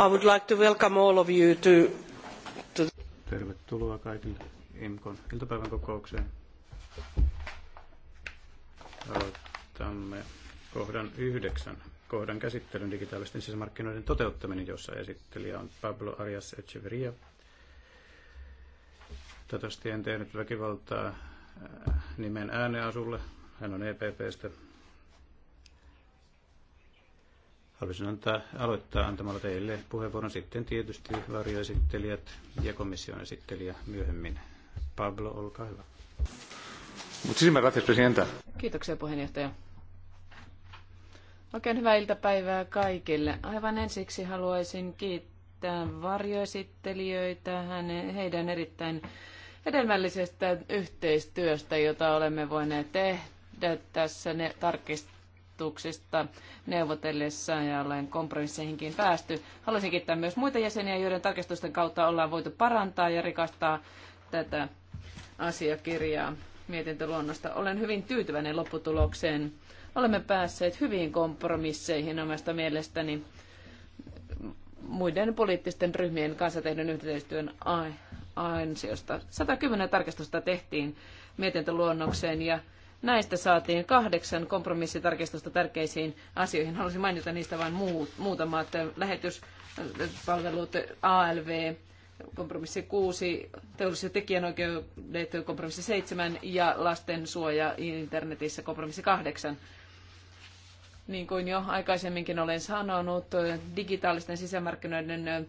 I would like to welcome all of you to, Tervetuloa kaikille IMCON iltapäivän kokoukseen. Aloitamme kohdan yhdeksän. Kohdan käsittelyn digitaalisten sisämarkkinoiden toteuttaminen, jossa esittelijä on Pablo Arias Echeverria. Toivottavasti en tehnyt väkivaltaa äh, nimen ääneasulle. Hän on EPPstä Haluaisin antaa, aloittaa antamalla teille puheenvuoron sitten tietysti varjoesittelijät ja komission esittelijä myöhemmin. Pablo, olkaa hyvä. Muchísimas gracias, presidenta. Kiitoksia puheenjohtaja. Oikein hyvää iltapäivää kaikille. Aivan ensiksi haluaisin kiittää varjoesittelijöitä heidän erittäin hedelmällisestä yhteistyöstä, jota olemme voineet tehdä tässä ne tarkist- tarkistuksista neuvotellessa ja olen kompromisseihinkin päästy. Haluaisin kiittää myös muita jäseniä, joiden tarkistusten kautta ollaan voitu parantaa ja rikastaa tätä asiakirjaa mietintöluonnosta. Olen hyvin tyytyväinen lopputulokseen. Olemme päässeet hyviin kompromisseihin omasta mielestäni muiden poliittisten ryhmien kanssa tehdyn yhteistyön ansiosta. 110 tarkastusta tehtiin mietintöluonnokseen ja Näistä saatiin kahdeksan kompromissitarkistusta tärkeisiin asioihin. Halusin mainita niistä vain muut, muutamat. Lähetyspalvelut, äh, ALV, kompromissi 6, teollisuus- ja tekijänoikeudet, kompromissi 7 ja lastensuoja internetissä kompromissi 8. Niin kuin jo aikaisemminkin olen sanonut, digitaalisten sisämarkkinoiden äh,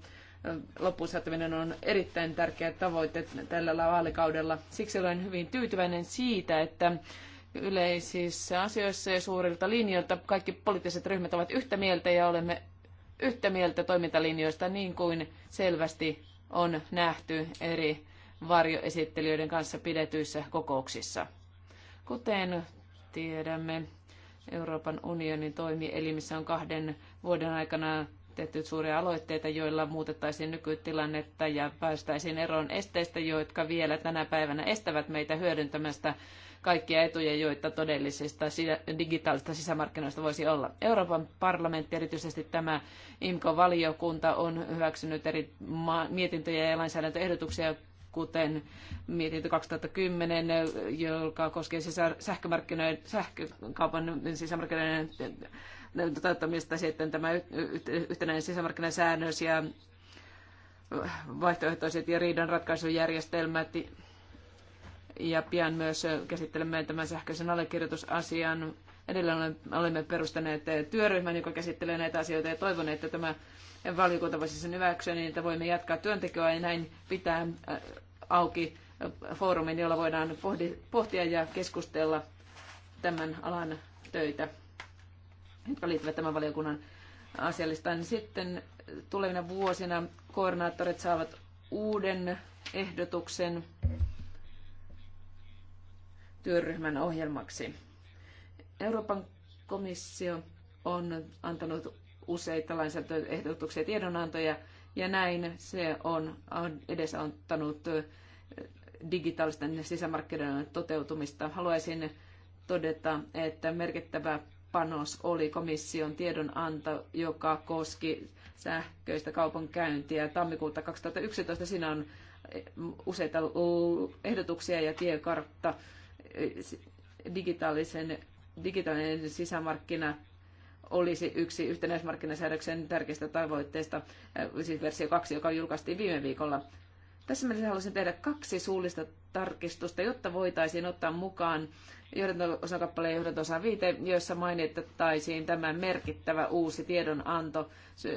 loppuun saattaminen on erittäin tärkeä tavoite tällä vaalikaudella. Siksi olen hyvin tyytyväinen siitä, että yleisissä asioissa ja suurilta linjoilta. Kaikki poliittiset ryhmät ovat yhtä mieltä ja olemme yhtä mieltä toimintalinjoista niin kuin selvästi on nähty eri varjoesittelijöiden kanssa pidetyissä kokouksissa. Kuten tiedämme, Euroopan unionin toimielimissä on kahden vuoden aikana tehty suuria aloitteita, joilla muutettaisiin nykytilannetta ja päästäisiin eroon esteistä, jotka vielä tänä päivänä estävät meitä hyödyntämästä kaikkia etuja, joita todellisista digitaalista sisämarkkinoista voisi olla. Euroopan parlamentti, erityisesti tämä IMCO-valiokunta, on hyväksynyt eri mietintöjä ja lainsäädäntöehdotuksia, kuten mietintö 2010, joka koskee sähkömarkkinoiden, sähkökaupan sisämarkkinoiden eh, eh, toteuttamista, sitten tämä yhtenäinen sisämarkkinasäännös ja eh, vaihtoehtoiset ja riidanratkaisujärjestelmät ja pian myös käsittelemme tämän sähköisen allekirjoitusasian. Edelleen olemme perustaneet työryhmän, joka käsittelee näitä asioita ja toivon, että tämä valiokunta voisi sen hyväksyä niin, että voimme jatkaa työntekoa ja näin pitää äh, auki foorumin, jolla voidaan pohtia ja keskustella tämän alan töitä, jotka liittyvät tämän valiokunnan asialistaan. Sitten tulevina vuosina koordinaattorit saavat uuden ehdotuksen työryhmän ohjelmaksi. Euroopan komissio on antanut useita lainsäädäntöehdotuksia tiedonantoja, ja näin se on edesauttanut digitaalisten sisämarkkinoiden toteutumista. Haluaisin todeta, että merkittävä panos oli komission tiedonanto, joka koski sähköistä kaupankäyntiä tammikuuta 2011. Siinä on useita ehdotuksia ja tiekartta digitaalisen, digitaalinen sisämarkkina olisi yksi yhtenäismarkkinasäädöksen tärkeistä tavoitteista, siis versio 2, joka julkaistiin viime viikolla. Tässä mielessä haluaisin tehdä kaksi suullista tarkistusta, jotta voitaisiin ottaa mukaan johdanto-osakappaleen johdanto-osa viite, jossa mainittaisiin tämä merkittävä uusi tiedonanto.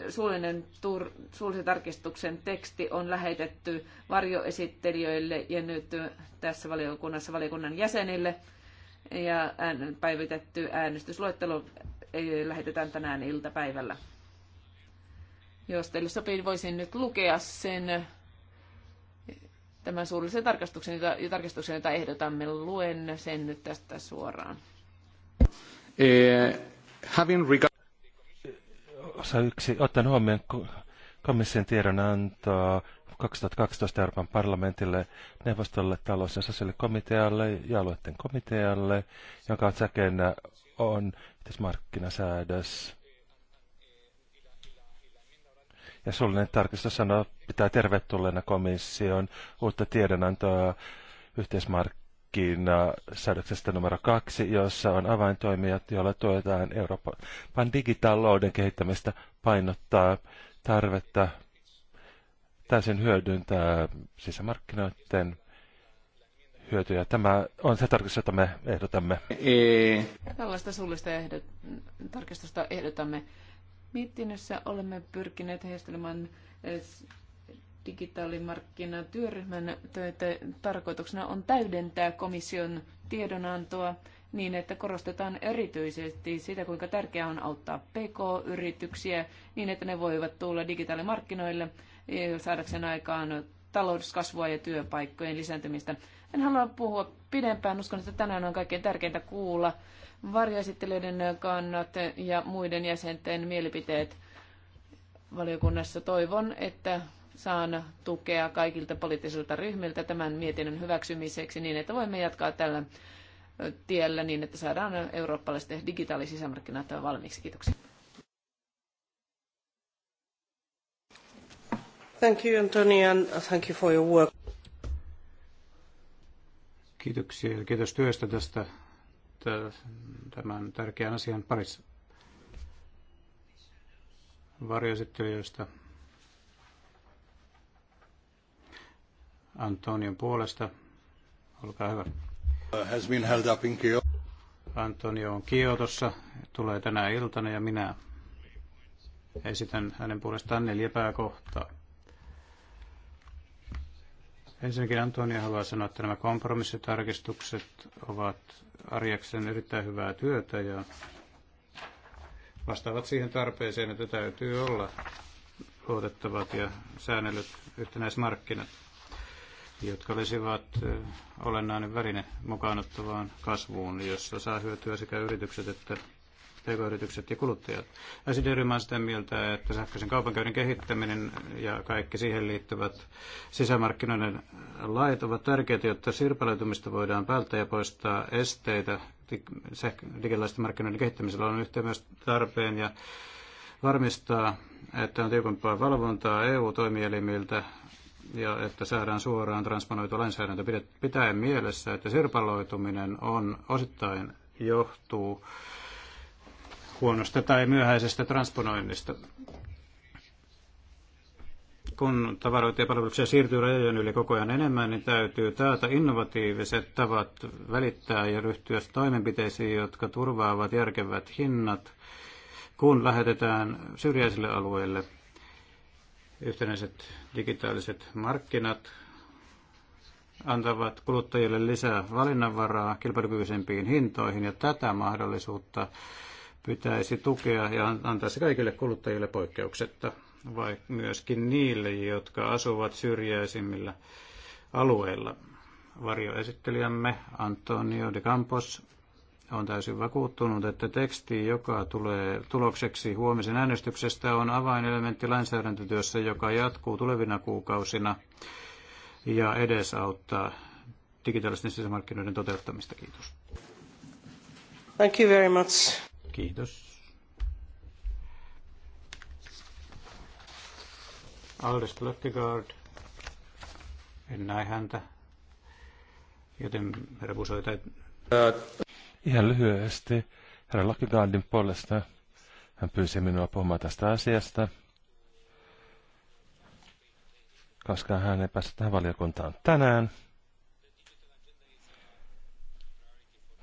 Suullinen tur, suullisen tarkistuksen teksti on lähetetty varjoesittelijöille ja nyt tässä valiokunnassa valiokunnan jäsenille. Ja ään, päivitetty äänestysluettelo e, lähetetään tänään iltapäivällä. Jos teille sopii, voisin nyt lukea sen tämän suullisen tarkastuksen ja tarkastuksen, jota ehdotamme. Luen sen nyt tästä suoraan. Uh, having regard... Osa yksi, ottaen huomioon komission antaa 2012 Euroopan parlamentille, neuvostolle, talous- ja sosiaalikomitealle ja alueiden komitealle, jonka otsakkeena on markkinasäädös. Ja suullinen tarkistus sanoo, pitää tervetulleena komission uutta tiedonantoa yhteismarkkinasäädöksestä numero kaksi, jossa on avaintoimijat, joilla tuetaan Euroopan digitalouden kehittämistä painottaa tarvetta täysin hyödyntää sisämarkkinoiden hyötyjä. Tämä on se tarkistus, jota me ehdotamme. Tällaista suullista ehdot, tarkistusta ehdotamme. Mietinnössä olemme pyrkineet heijastelemaan eh, digitaalimarkkinatyöryhmän töitä. Tarkoituksena on täydentää komission tiedonantoa niin, että korostetaan erityisesti sitä, kuinka tärkeää on auttaa PK-yrityksiä niin, että ne voivat tulla digitaalimarkkinoille eh, saadakseen aikaan talouskasvua ja työpaikkojen lisääntymistä. En halua puhua pidempään. Uskon, että tänään on kaikkein tärkeintä kuulla varjoesittelyiden kannat ja muiden jäsenten mielipiteet valiokunnassa. Toivon, että saan tukea kaikilta poliittisilta ryhmiltä tämän mietinnön hyväksymiseksi niin, että voimme jatkaa tällä tiellä niin, että saadaan eurooppalaiset digitaaliset sisämarkkinat valmiiksi. Kiitoksia. Thank you, Antonia, and thank you for your work. Kiitoksia ja kiitos työstä tästä Äh, tämän tärkeän asian parissa varjoesittelijöistä Antonion puolesta. Olkaa hyvä. Has been held up in Kyo. Antonio on Kiotossa, tulee tänä iltana ja minä esitän hänen puolestaan neljä pääkohtaa. Ensinnäkin Antonia haluaa sanoa, että nämä kompromissitarkistukset ovat arjeksen erittäin hyvää työtä ja vastaavat siihen tarpeeseen, että täytyy olla luotettavat ja säännellyt yhtenäismarkkinat, jotka olisivat olennainen väline mukaanottavaan kasvuun, jossa saa hyötyä sekä yritykset että pk-yritykset ja kuluttajat. SID-ryhmä on sitä mieltä, että sähköisen kaupankäynnin kehittäminen ja kaikki siihen liittyvät sisämarkkinoiden lait ovat tärkeitä, jotta sirpaloitumista voidaan välttää ja poistaa esteitä digitaalisten markkinoiden kehittämisellä on yhteen myös tarpeen ja varmistaa, että on tiukempaa valvontaa EU-toimielimiltä ja että saadaan suoraan transponoitu lainsäädäntö pitäen mielessä, että sirpaloituminen on osittain johtuu huonosta tai myöhäisestä transponoinnista. Kun tavaroita ja palveluksia siirtyy rajojen yli koko ajan enemmän, niin täytyy taata innovatiiviset tavat välittää ja ryhtyä toimenpiteisiin, jotka turvaavat järkevät hinnat, kun lähetetään syrjäisille alueille yhtenäiset digitaaliset markkinat antavat kuluttajille lisää valinnanvaraa kilpailukykyisempiin hintoihin ja tätä mahdollisuutta pitäisi tukea ja antaisi kaikille kuluttajille poikkeuksetta, vai myöskin niille, jotka asuvat syrjäisimmillä alueilla. Varjoesittelijämme Antonio de Campos on täysin vakuuttunut, että teksti, joka tulee tulokseksi huomisen äänestyksestä, on avainelementti lainsäädäntötyössä, joka jatkuu tulevina kuukausina ja edesauttaa digitaalisten sisämarkkinoiden toteuttamista. Kiitos. Thank you very much. Kiitos. Aldes Löttigard. En näe häntä. Joten herra Busoita... Ihan lyhyesti. Herra Löttigardin puolesta hän pyysi minua puhumaan tästä asiasta, koska hän ei päässyt tähän valiokuntaan tänään.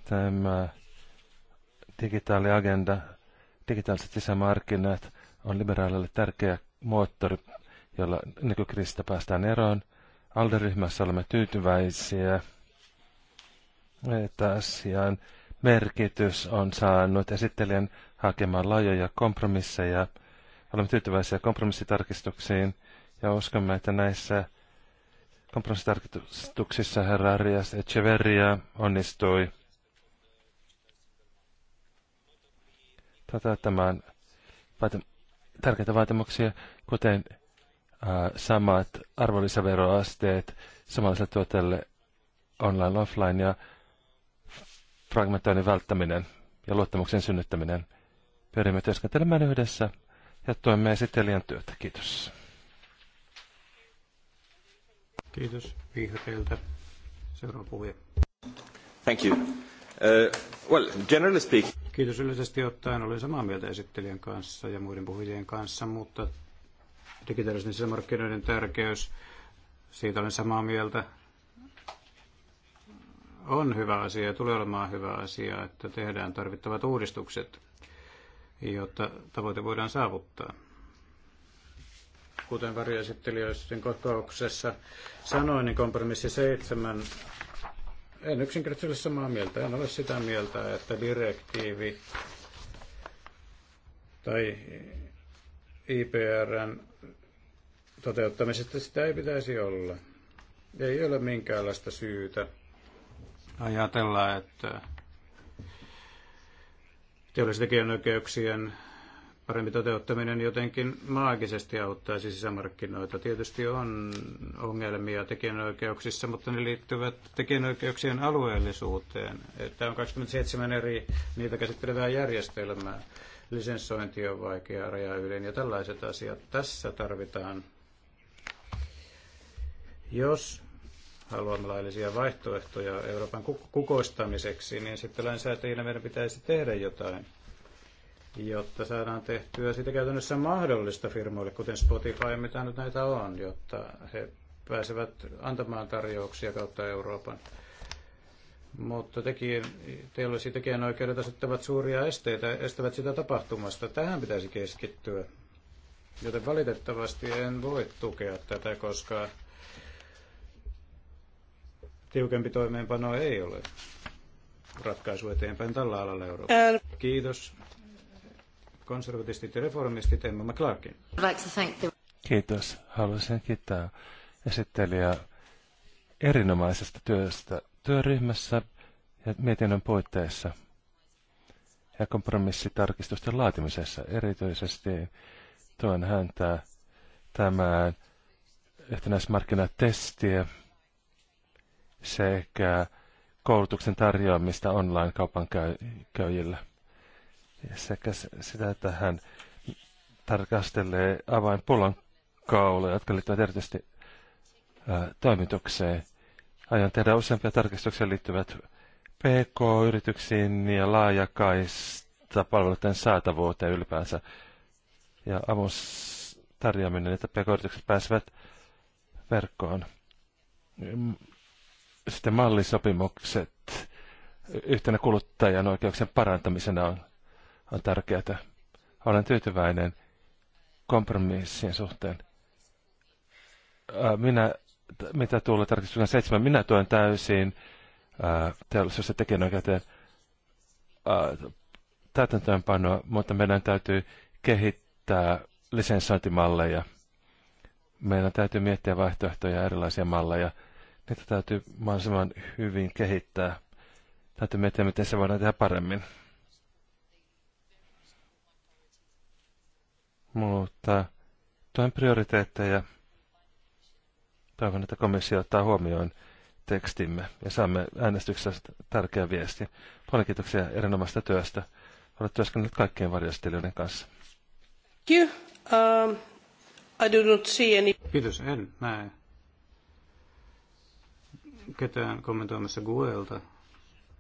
Tämä agenda, digitaaliset sisämarkkinat on liberaalille tärkeä moottori, jolla nykykriisistä päästään eroon. Alderyhmässä olemme tyytyväisiä, että asian merkitys on saanut esittelijän hakemaan laajoja kompromisseja. Olemme tyytyväisiä kompromissitarkistuksiin ja uskomme, että näissä kompromissitarkistuksissa herra Arias Echeverria onnistui toteuttamaan tärkeitä vaatimuksia, kuten ää, samat arvonlisäveroasteet samanlaiselle tuotteelle online, offline ja fragmentoinnin välttäminen ja luottamuksen synnyttäminen. Pyrimme työskentelemään yhdessä ja tuemme esittelijän työtä. Kiitos. Kiitos vihreiltä. Seuraava puhuja. Thank you. Uh, well, generally speaking... Kiitos yleisesti ottaen. Olen samaa mieltä esittelijän kanssa ja muiden puhujien kanssa, mutta digitaalisten sisämarkkinoiden tärkeys, siitä olen samaa mieltä. On hyvä asia ja tulee olemaan hyvä asia, että tehdään tarvittavat uudistukset, jotta tavoite voidaan saavuttaa. Kuten varjoesittelijöiden kokouksessa sanoin, niin kompromissi 7 en yksinkertaisesti ole samaa mieltä. En ole sitä mieltä, että direktiivi tai IPRn toteuttamisesta sitä ei pitäisi olla. Ei ole minkäänlaista syytä ajatella, että teollisten oikeuksien parempi toteuttaminen jotenkin maagisesti auttaisi sisämarkkinoita. Tietysti on ongelmia tekijänoikeuksissa, mutta ne liittyvät tekijänoikeuksien alueellisuuteen. Tämä on 27 eri niitä käsittelevää järjestelmää. Lisenssointi on vaikea rajaa yli ja tällaiset asiat. Tässä tarvitaan, jos haluamme laillisia vaihtoehtoja Euroopan kukoistamiseksi, niin sitten lainsäätäjillä meidän pitäisi tehdä jotain – jotta saadaan tehtyä sitä käytännössä mahdollista firmoille, kuten Spotify, mitä nyt näitä on, jotta he pääsevät antamaan tarjouksia kautta Euroopan. Mutta tekijän, olisi tekijänoikeudet asettavat suuria esteitä, estävät sitä tapahtumasta. Tähän pitäisi keskittyä. Joten valitettavasti en voi tukea tätä, koska tiukempi toimeenpano ei ole ratkaisu eteenpäin tällä alalla Euroopassa. Kiitos konservatistit ja reformistit Emma McClarkin. Kiitos. Haluaisin kiittää esittelijää erinomaisesta työstä työryhmässä ja mietinnön puitteissa ja kompromissitarkistusten laatimisessa erityisesti tuon häntä tämän yhtenäismarkkinatestiä sekä koulutuksen tarjoamista online-kaupankäyjille. Käy- sekä sitä, että hän tarkastelee avainpullon kaula, jotka liittyvät erityisesti toimitukseen. Aion tehdä useampia tarkistuksia liittyvät PK-yrityksiin ja laajakaista palveluiden saatavuuteen ylipäänsä. Ja avun tarjoaminen, että PK-yritykset pääsevät verkkoon. Mm. Sitten mallisopimukset yhtenä kuluttajan oikeuksien parantamisena on on tärkeää. Olen tyytyväinen kompromissien suhteen. Minä, mitä tuolla tarkistuksen seitsemän, minä tuen täysin teollisuus- ja tekijänoikeuteen täytäntöönpanoa, mutta meidän täytyy kehittää lisensointimalleja. Meidän täytyy miettiä vaihtoehtoja erilaisia malleja. Niitä täytyy mahdollisimman hyvin kehittää. Täytyy miettiä, miten se voidaan tehdä paremmin. Mutta toin prioriteetteja. Toivon, että komissio ottaa huomioon tekstimme ja saamme äänestyksessä tärkeä viesti. Paljon kiitoksia erinomaista työstä. Olet työskennellyt kaikkien varjostelijoiden kanssa. Kiitos. Um, I do not see any... Kiitos, en näe ketään kommentoimassa Guelta,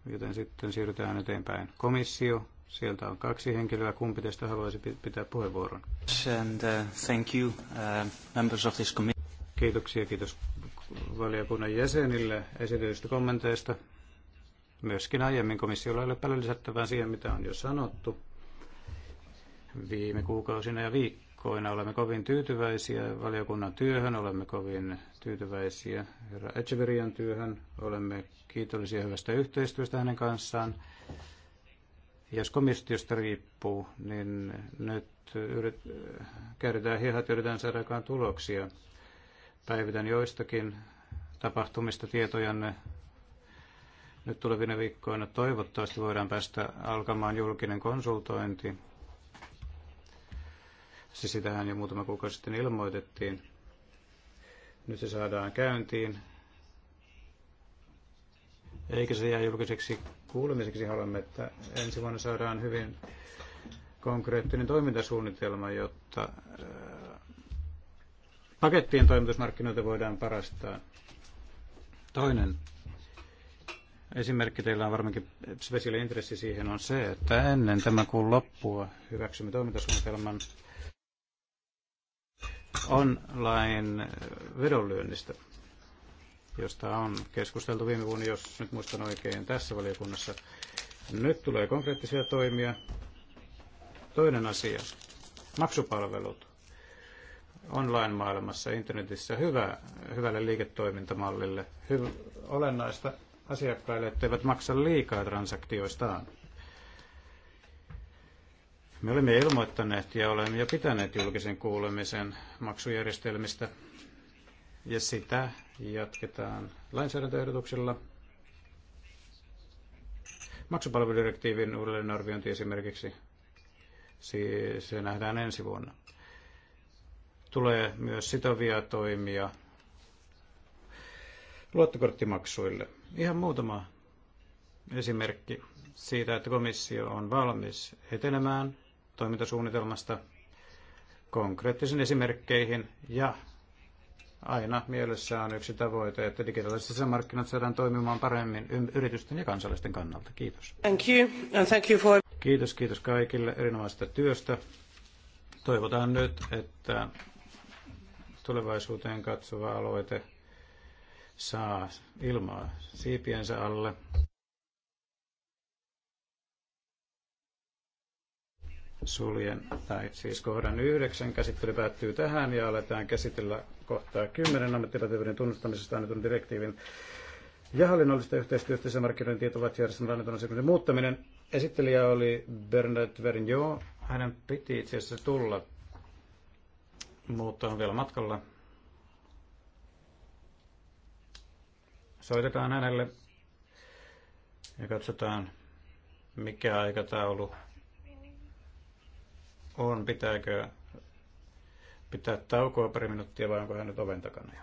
joten sitten siirrytään eteenpäin. Komissio, Sieltä on kaksi henkilöä. Kumpi teistä haluaisi pitää puheenvuoron? And, uh, thank you, uh, members of this committee. Kiitoksia, kiitos valiokunnan jäsenille esitetyistä kommenteista. Myöskin aiemmin komissiolla ei ole paljon lisättävää siihen, mitä on jo sanottu. Viime kuukausina ja viikkoina olemme kovin tyytyväisiä valiokunnan työhön, olemme kovin tyytyväisiä herra Echeverian työhön, olemme kiitollisia hyvästä yhteistyöstä hänen kanssaan. Jos komissiosta riippuu, niin nyt yrit, käydetään hihat, yritetään saada aikaan tuloksia. Päivitän joistakin tapahtumista tietojanne nyt tulevina viikkoina. Toivottavasti voidaan päästä alkamaan julkinen konsultointi. Siis sitähän jo muutama kuukausi sitten ilmoitettiin. Nyt se saadaan käyntiin eikä se jää julkiseksi kuulemiseksi. Haluamme, että ensi vuonna saadaan hyvin konkreettinen toimintasuunnitelma, jotta äh, pakettien toimitusmarkkinoita voidaan parastaa. Toinen esimerkki teillä on varmaankin special intressi siihen on se, että ennen tämän kuun loppua hyväksymme toimintasuunnitelman online vedonlyönnistä josta on keskusteltu viime vuonna, jos nyt muistan oikein, tässä valiokunnassa. Nyt tulee konkreettisia toimia. Toinen asia, maksupalvelut online-maailmassa, internetissä, hyvä, hyvälle liiketoimintamallille. Hyv- olennaista asiakkaille, etteivät maksa liikaa transaktioistaan. Me olemme ilmoittaneet ja olemme jo pitäneet julkisen kuulemisen maksujärjestelmistä ja sitä Jatketaan lainsäädäntöehdotuksella. Maksupalveludirektiivin uudelleenarviointi esimerkiksi, siis se nähdään ensi vuonna. Tulee myös sitovia toimia luottokorttimaksuille. Ihan muutama esimerkki siitä, että komissio on valmis etenemään toimintasuunnitelmasta konkreettisiin esimerkkeihin ja aina mielessä on yksi tavoite, että digitaaliset sisämarkkinat saadaan toimimaan paremmin yritysten ja kansalaisten kannalta. Kiitos. Thank you, and thank you for... Kiitos, kiitos kaikille erinomaisesta työstä. Toivotaan nyt, että tulevaisuuteen katsova aloite saa ilmaa siipiensä alle. suljen, tai siis kohdan yhdeksän käsittely päättyy tähän ja aletaan käsitellä kohtaa 10 ammattipätevyyden tunnustamisesta annetun direktiivin ja hallinnollista yhteistyöstä sisämarkkinoiden tietovaatijärjestelmän annetun asiakunnan muuttaminen. Esittelijä oli Bernard Verignon. Hänen piti itse asiassa tulla, mutta on vielä matkalla. Soitetaan hänelle ja katsotaan, mikä aikataulu on, pitääkö pitää taukoa pari minuuttia vai onko hän nyt oven takana jo?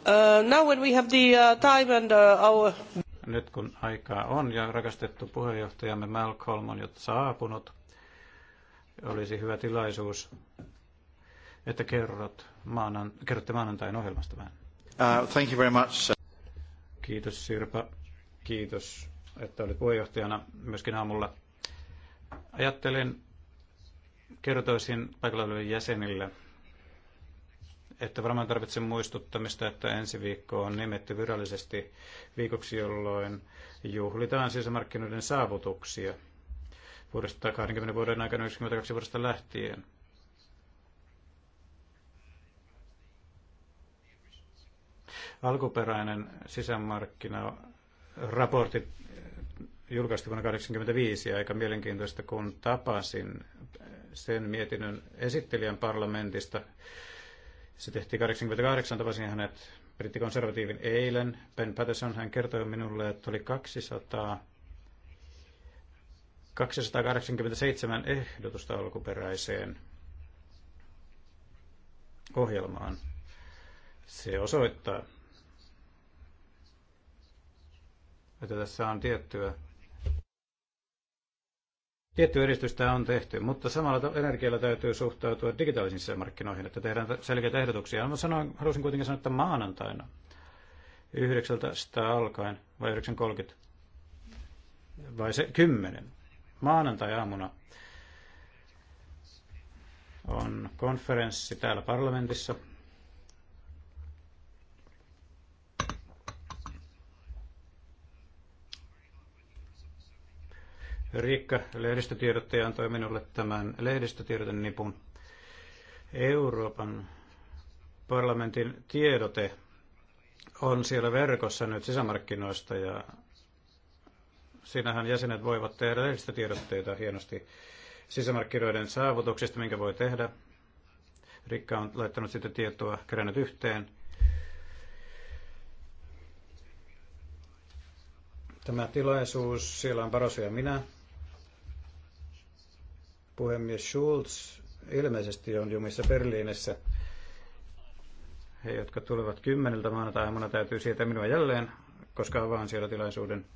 Uh, now when we have the uh, time and uh, our... Nyt kun aikaa on ja rakastettu puheenjohtajamme Malcolm on jo saapunut, olisi hyvä tilaisuus, että kerrot maanan, kerrotte maanantain ohjelmasta vähän. Uh, thank you very much. Kiitos Sirpa. Kiitos, että olit puheenjohtajana myöskin aamulla. Ajattelin, kertoisin paikalla jäsenille, että varmaan tarvitsen muistuttamista, että ensi viikko on nimetty virallisesti viikoksi, jolloin juhlitaan sisämarkkinoiden saavutuksia vuodesta 20 vuoden aikana 92 vuodesta lähtien. Alkuperäinen sisämarkkinaraportti julkaistu vuonna 1985 ja aika mielenkiintoista, kun tapasin sen mietinnön esittelijän parlamentista. Se tehtiin 1988, tapasin hänet brittikonservatiivin eilen. Ben Patterson hän kertoi minulle, että oli 200 287 ehdotusta alkuperäiseen ohjelmaan. Se osoittaa, että tässä on tiettyä Tiettyä edistystä on tehty, mutta samalla energialla täytyy suhtautua digitaalisiin markkinoihin, että tehdään selkeitä ehdotuksia. Mä sanoin, halusin kuitenkin sanoa, että maanantaina 900 alkaen, vai 9.30, vai se 10, maanantai-aamuna on konferenssi täällä parlamentissa – Riikka, lehdistötiedottaja, antoi minulle tämän lehdistötiedoten nipun. Euroopan parlamentin tiedote on siellä verkossa nyt sisämarkkinoista ja siinähän jäsenet voivat tehdä lehdistötiedotteita hienosti sisämarkkinoiden saavutuksista, minkä voi tehdä. Rikka on laittanut sitä tietoa, kerännyt yhteen. Tämä tilaisuus, siellä on Paros ja minä, Puhemies Schulz ilmeisesti on jumissa Berliinissä. He, jotka tulevat kymmeneltä maanantaina, täytyy sietää minua jälleen, koska avaan siellä tilaisuuden.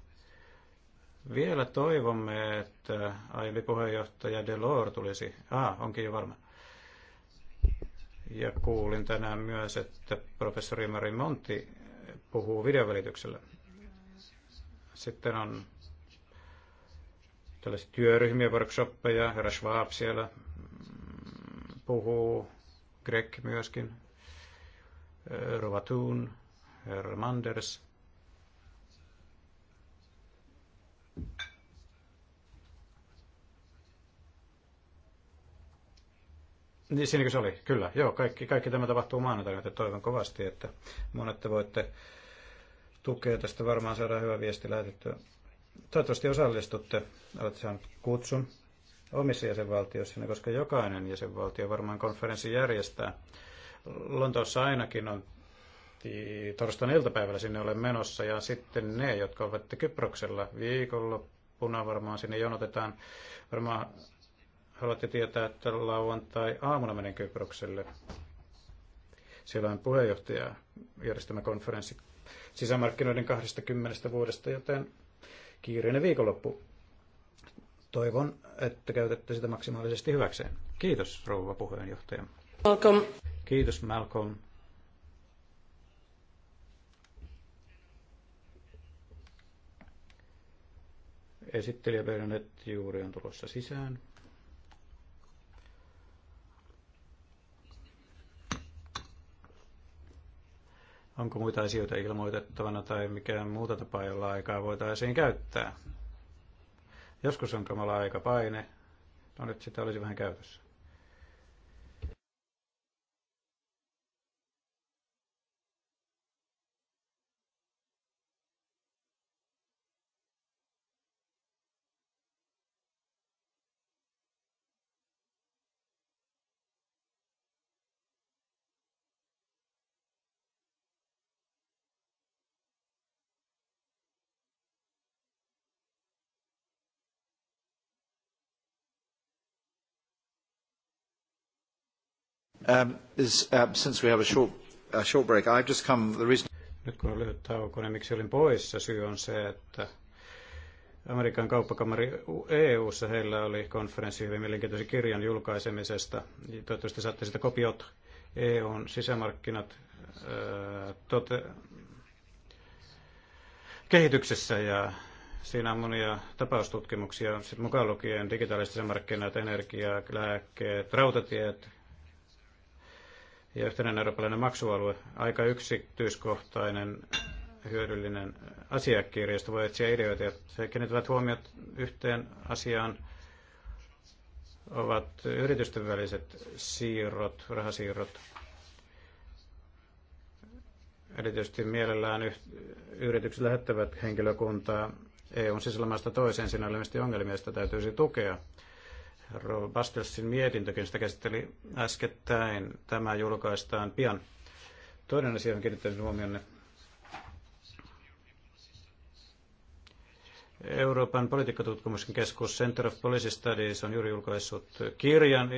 Vielä toivomme, että aiempi puheenjohtaja Delors tulisi. Ah, onkin jo varma. Ja kuulin tänään myös, että professori Mari Monti puhuu videovälityksellä. Sitten on tällaisia työryhmiä, workshoppeja, herra Schwab siellä puhuu, Greg myöskin, Rovatun, herra Manders. Niin siinäkö se oli? Kyllä, joo, kaikki, kaikki tämä tapahtuu maanantaina, joten toivon kovasti, että monet te voitte tukea tästä, varmaan saadaan hyvä viesti lähetettyä. Toivottavasti osallistutte, olette saaneet kutsun omissa jäsenvaltioissa, koska jokainen jäsenvaltio varmaan konferenssi järjestää. Lontoossa ainakin on torstaina iltapäivällä sinne olen menossa ja sitten ne, jotka ovat Kyproksella viikonloppuna varmaan sinne jonotetaan. Varmaan haluatte tietää, että lauantai aamuna menen Kyprokselle. Siellä on puheenjohtaja järjestämä konferenssi sisämarkkinoiden 20 vuodesta, joten kiireinen viikonloppu. Toivon, että käytätte sitä maksimaalisesti hyväkseen. Kiitos, rouva puheenjohtaja. Malcolm. Kiitos, Malcolm. Esittelijä Bernet juuri on tulossa sisään. Onko muita asioita ilmoitettavana tai mikään muuta tapaa, jolla aikaa voitaisiin käyttää? Joskus on kamala aikapaine. No nyt sitä olisi vähän käytössä. Um, is, uh, since we have a short, a short break, I've just come, the reason... Nyt kun on lyhyt tauko, niin miksi olin poissa, syy on se, että Amerikan kauppakamari EU-ssa heillä oli konferenssi hyvin mielenkiintoisen kirjan julkaisemisesta. Toivottavasti saatte sitä kopiot. EUn sisämarkkinat ää, tote, kehityksessä ja siinä on monia tapaustutkimuksia, sit mukaan lukien digitaaliset sisämarkkinat, energia, lääkkeet, rautatiet, ja yhtenäinen eurooppalainen maksualue aika yksityiskohtainen hyödyllinen asiakirja, josta voi etsiä ideoita. Se kiinnittävät huomiot yhteen asiaan ovat yritysten väliset siirrot, rahasiirrot. Erityisesti mielellään yritykset lähettävät henkilökuntaa EUn sisällä maasta toiseen. Siinä ilmeisesti ongelmia, sitä täytyisi tukea. Bastelsin mietintökin, sitä käsitteli äskettäin. Tämä julkaistaan pian. Toinen asia on kiinnittänyt huomionne. Euroopan politiikkatutkimuksen keskus Center of Policy Studies on juuri julkaissut kirjan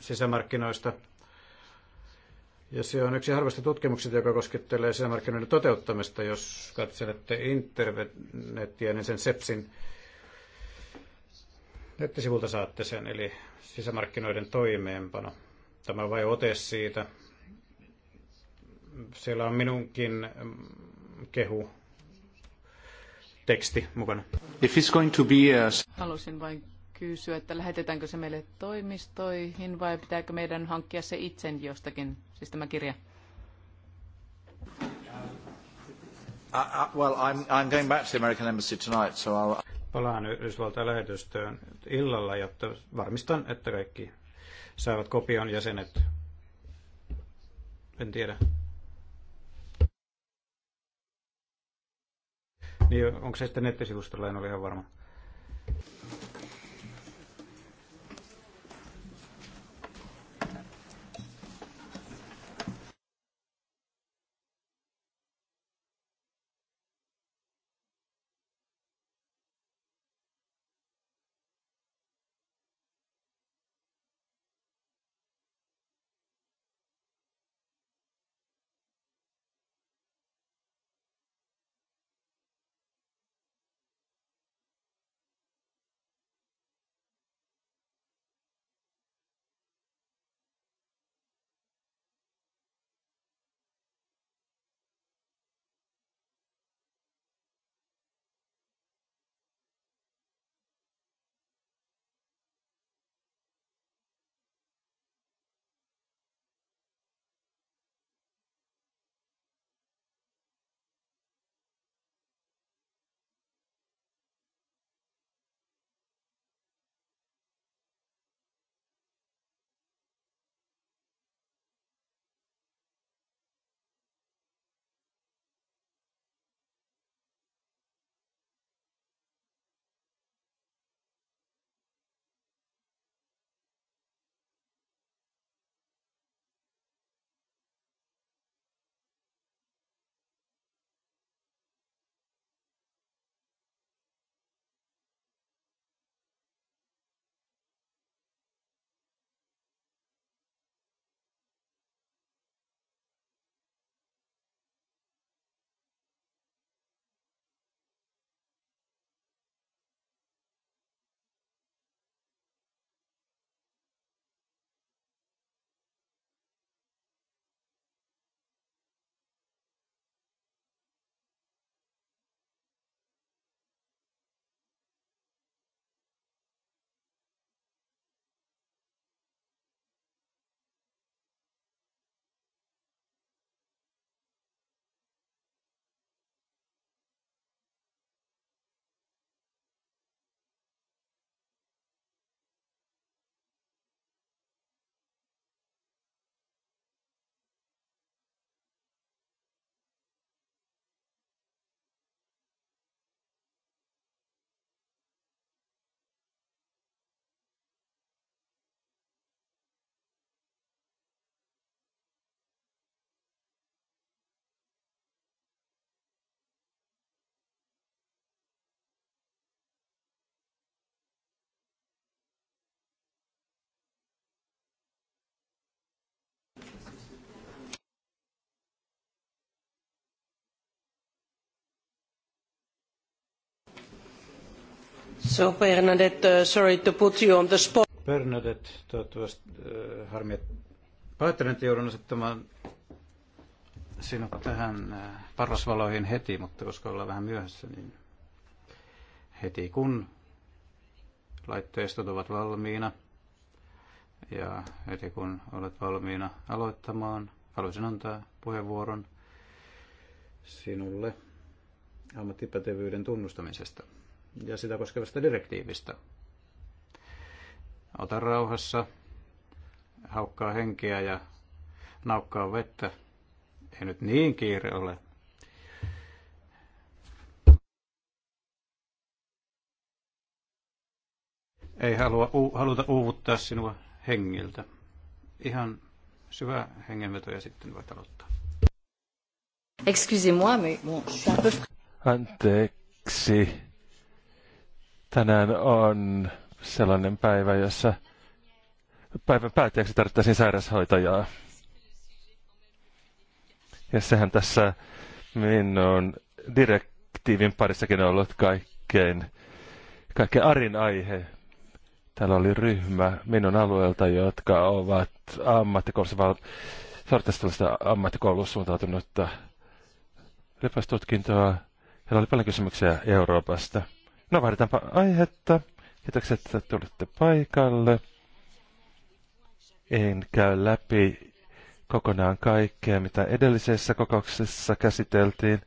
sisämarkkinoista. Ja se on yksi harvoista tutkimuksista, joka koskettelee sisämarkkinoiden toteuttamista. Jos katselette internetiä, niin sen SEPSin Nettisivulta saatte sen, eli sisämarkkinoiden toimeenpano. Tämä vai ote siitä. Siellä on minunkin mm, kehu teksti mukana. If it's going to be a... Halusin vain kysyä, että lähetetäänkö se meille toimistoihin vai pitääkö meidän hankkia se itse jostakin, siis tämä kirja? Uh, uh, well, I'm, I'm going back to the American Embassy tonight, so I'll... Palaan Yhdysvaltain lähetystöön illalla, jotta varmistan, että kaikki saavat kopion jäsenet. En tiedä. Niin, onko se sitten nettisivustolla, en ole ihan varma. So Bernadette, uh, sorry to put you on the spot. Bernadette, toivottavasti äh, harmi, että pahoittelen, että joudun asettamaan sinut tähän äh, parrasvaloihin heti, mutta koska ollaan vähän myöhässä, niin heti kun laitteistot ovat valmiina ja heti kun olet valmiina aloittamaan, haluaisin antaa puheenvuoron sinulle ammattipätevyyden tunnustamisesta ja sitä koskevasta direktiivistä. Ota rauhassa, haukkaa henkeä ja naukkaa vettä. Ei nyt niin kiire ole. Ei halua, u, haluta uuvuttaa sinua hengiltä. Ihan syvä hengenveto ja sitten voit aloittaa. Excusez-moi, mais bon, je suis un peu... Anteeksi Tänään on sellainen päivä, jossa päivän päätteeksi tarvittaisiin sairaushoitajaa. Ja sehän tässä minun direktiivin parissakin on ollut kaikkein, kaikkein arin aihe. Täällä oli ryhmä minun alueelta, jotka ovat ammattikoulussa, ammattikoulussa suuntautunutta lepästutkintoa. Heillä oli paljon kysymyksiä Euroopasta – No vaihdetaanpa aihetta. Kiitoksia, että tulitte paikalle. En käy läpi kokonaan kaikkea, mitä edellisessä kokouksessa käsiteltiin,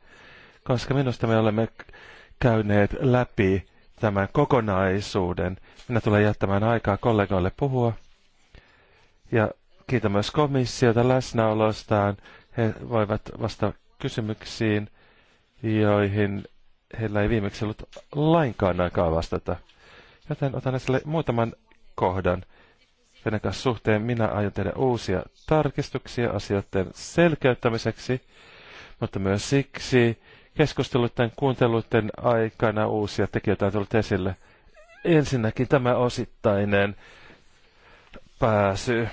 koska minusta me olemme käyneet läpi tämän kokonaisuuden. Minä tulen jättämään aikaa kollegoille puhua. Ja kiitän myös komissiota läsnäolostaan. He voivat vastata kysymyksiin, joihin heillä ei viimeksi ollut lainkaan aikaa vastata. Joten otan esille muutaman kohdan. Venäjän kanssa suhteen minä aion tehdä uusia tarkistuksia asioiden selkeyttämiseksi, mutta myös siksi keskusteluiden kuunteluiden aikana uusia tekijöitä on tullut esille. Ensinnäkin tämä osittainen pääsy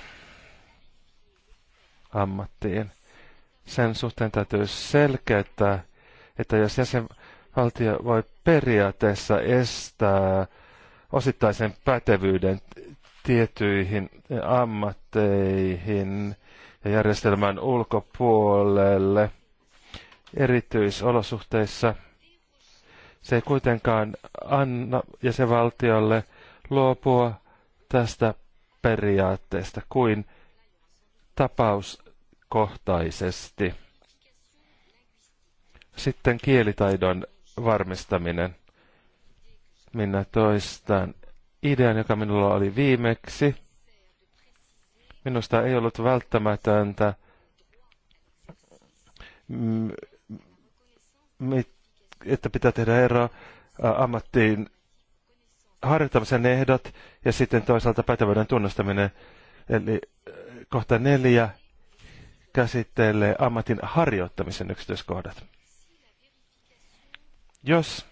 ammattiin. Sen suhteen täytyy selkeyttää, että jos jäsen, valtio voi periaatteessa estää osittaisen pätevyyden tiettyihin ammatteihin ja järjestelmän ulkopuolelle erityisolosuhteissa. Se ei kuitenkaan anna jäsenvaltiolle luopua tästä periaatteesta kuin tapauskohtaisesti. Sitten kielitaidon varmistaminen. Minä toistan idean, joka minulla oli viimeksi. Minusta ei ollut välttämätöntä että pitää tehdä ero ammattiin harjoittamisen ehdot ja sitten toisaalta pätevyyden tunnustaminen. Eli kohta neljä käsittelee ammatin harjoittamisen yksityiskohdat. Jos,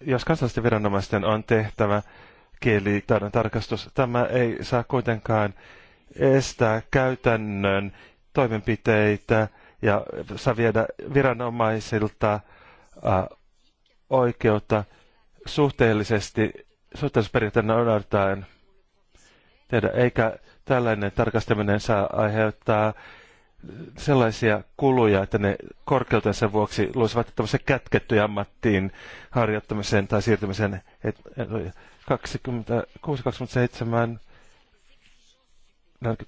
jos kansallisten viranomaisten on tehtävä kielitaidon tarkastus, tämä ei saa kuitenkaan estää käytännön toimenpiteitä ja saa viedä viranomaisilta oikeutta suhteellisesti, suhteellisuusperiaatteena noudattaen tehdä, eikä tällainen tarkastaminen saa aiheuttaa sellaisia kuluja, että ne korkeutensa vuoksi luisivat tämmöisen kätkettyjä ammattiin harjoittamiseen tai siirtymiseen 26-27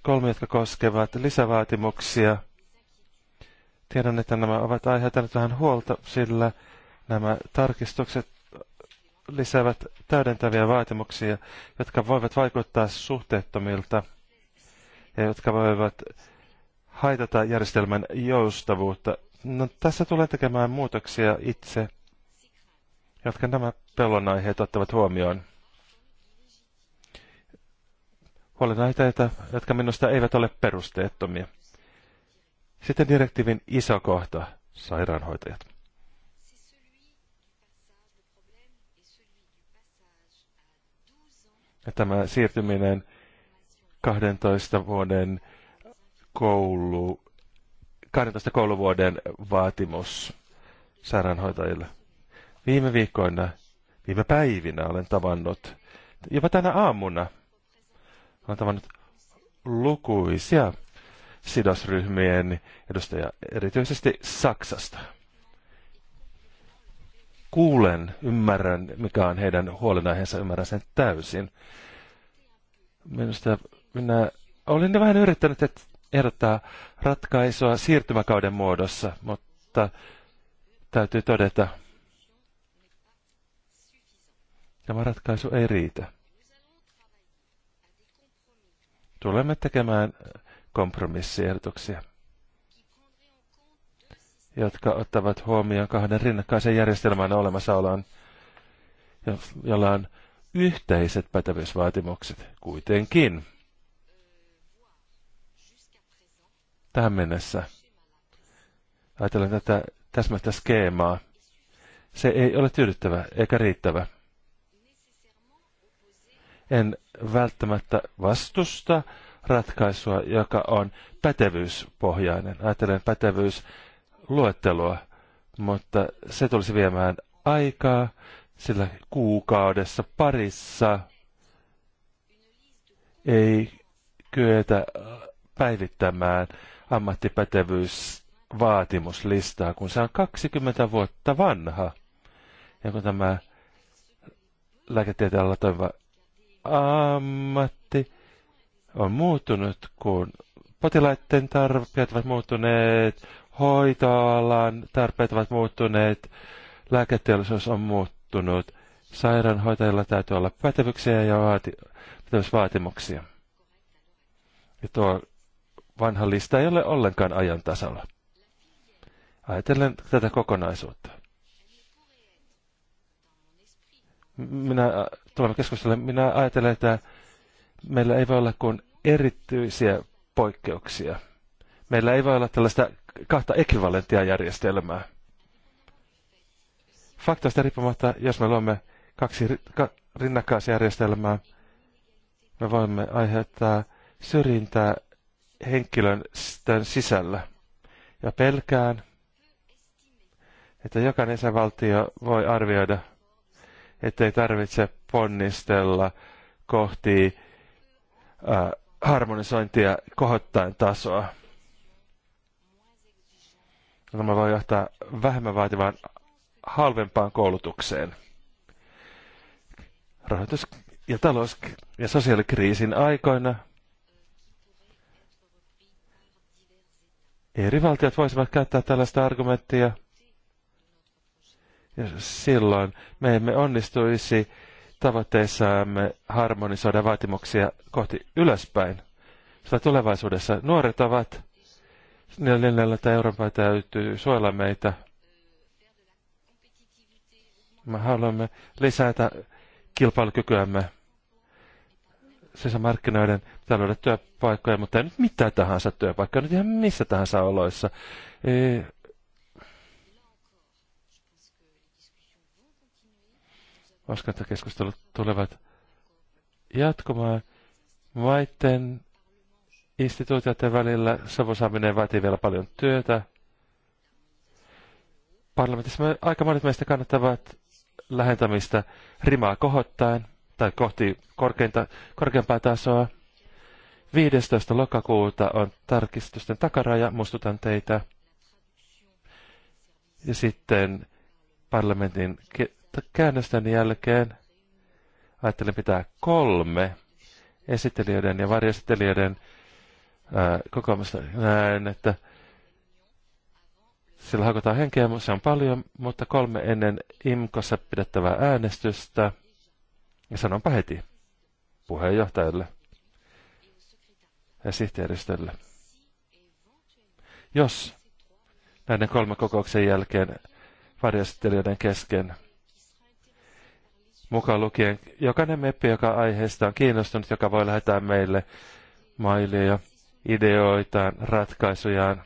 kolme, jotka koskevat lisävaatimuksia. Tiedän, että nämä ovat aiheuttaneet vähän huolta, sillä nämä tarkistukset lisäävät täydentäviä vaatimuksia, jotka voivat vaikuttaa suhteettomilta ja jotka voivat haitata järjestelmän joustavuutta. No, tässä tulee tekemään muutoksia itse, jotka nämä pelonaiheet ottavat huomioon. Huolenaiheita, jotka minusta eivät ole perusteettomia. Sitten direktiivin iso kohta, sairaanhoitajat. Ja tämä siirtyminen 12 vuoden koulu, 12 kouluvuoden vaatimus sairaanhoitajille. Viime viikkoina, viime päivinä olen tavannut, jopa tänä aamuna, olen tavannut lukuisia sidosryhmien edustajia, erityisesti Saksasta. Kuulen, ymmärrän, mikä on heidän huolenaiheensa, ymmärrän sen täysin. Minusta minä olin vähän yrittänyt, että ehdottaa ratkaisua siirtymäkauden muodossa, mutta täytyy todeta, tämä ratkaisu ei riitä. Tulemme tekemään kompromissiehdotuksia, jotka ottavat huomioon kahden rinnakkaisen järjestelmän olemassaolon, jolla on yhteiset pätevyysvaatimukset kuitenkin. tähän mennessä. Ajatellen tätä täsmästä skeemaa. Se ei ole tyydyttävä eikä riittävä. En välttämättä vastusta ratkaisua, joka on pätevyyspohjainen. Ajattelen pätevyysluettelua, mutta se tulisi viemään aikaa, sillä kuukaudessa parissa ei kyetä päivittämään ammattipätevyysvaatimuslistaa, kun se on 20 vuotta vanha. Ja kun tämä lääketieteen alla toimiva ammatti on muuttunut, kun potilaiden tarpeet ovat muuttuneet, hoitoalan tarpeet ovat muuttuneet, lääketeollisuus on muuttunut, sairaanhoitajilla täytyy olla pätevyyksiä ja vaati- pätevyysvaatimuksia. Ja tuo vanha lista ei ole ollenkaan ajan tasalla. Ajatellen tätä kokonaisuutta. Minä, tulemme keskustelemaan, minä ajattelen, että meillä ei voi olla kuin erityisiä poikkeuksia. Meillä ei voi olla tällaista kahta ekvivalenttia järjestelmää. Faktoista riippumatta, jos me luomme kaksi rinnakkaisjärjestelmää, me voimme aiheuttaa syrjintää henkilön sisällä. Ja pelkään, että jokainen isävaltio voi arvioida, ettei tarvitse ponnistella kohti äh, harmonisointia kohottaen tasoa. Tämä voi johtaa vähemmän vaativaan halvempaan koulutukseen. Rahoitus- ja talous- ja sosiaalikriisin aikoina – eri valtiot voisivat käyttää tällaista argumenttia. Ja silloin me emme onnistuisi tavoitteissaamme harmonisoida vaatimuksia kohti ylöspäin. Sillä tulevaisuudessa nuoret ovat, niillä tai Eurooppa täytyy suojella meitä. Me haluamme lisätä kilpailukykyämme sisämarkkinoiden pitää löydä työpaikkoja, mutta ei nyt mitä tahansa työpaikkaa, nyt ihan missä tahansa oloissa. E- Uskon, että keskustelut tulevat jatkumaan maiden instituutioiden välillä. Savosaaminen vaatii vielä paljon työtä. Parlamentissa aika monet meistä kannattavat lähentämistä rimaa kohottaen tai kohti korkeinta, korkeampaa tasoa. 15. lokakuuta on tarkistusten takaraja, muistutan teitä. Ja sitten parlamentin käännösten jälkeen ajattelin pitää kolme esittelijöiden ja varjoesittelijöiden kokoomusta näin, että sillä hakotaan henkeä, se on paljon, mutta kolme ennen IMKOssa pidettävää äänestystä – ja sanonpa heti puheenjohtajalle ja sihteeristölle. Jos näiden kolmen kokouksen jälkeen varjastelijoiden kesken mukaan lukien jokainen meppi, joka aiheesta on kiinnostunut, joka voi lähettää meille mailia, ideoitaan, ratkaisujaan,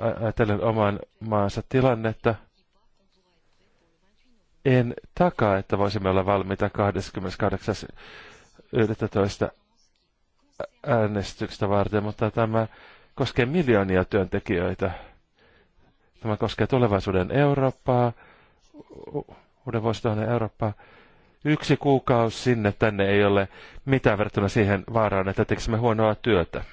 ajatellen oman maansa tilannetta – en takaa, että voisimme olla valmiita 28.11. äänestyksestä varten, mutta tämä koskee miljoonia työntekijöitä. Tämä koskee tulevaisuuden Eurooppaa, uuden vuosituhannen Eurooppaa. Yksi kuukausi sinne tänne ei ole mitään verrattuna siihen vaaraan, että tekisimme huonoa työtä.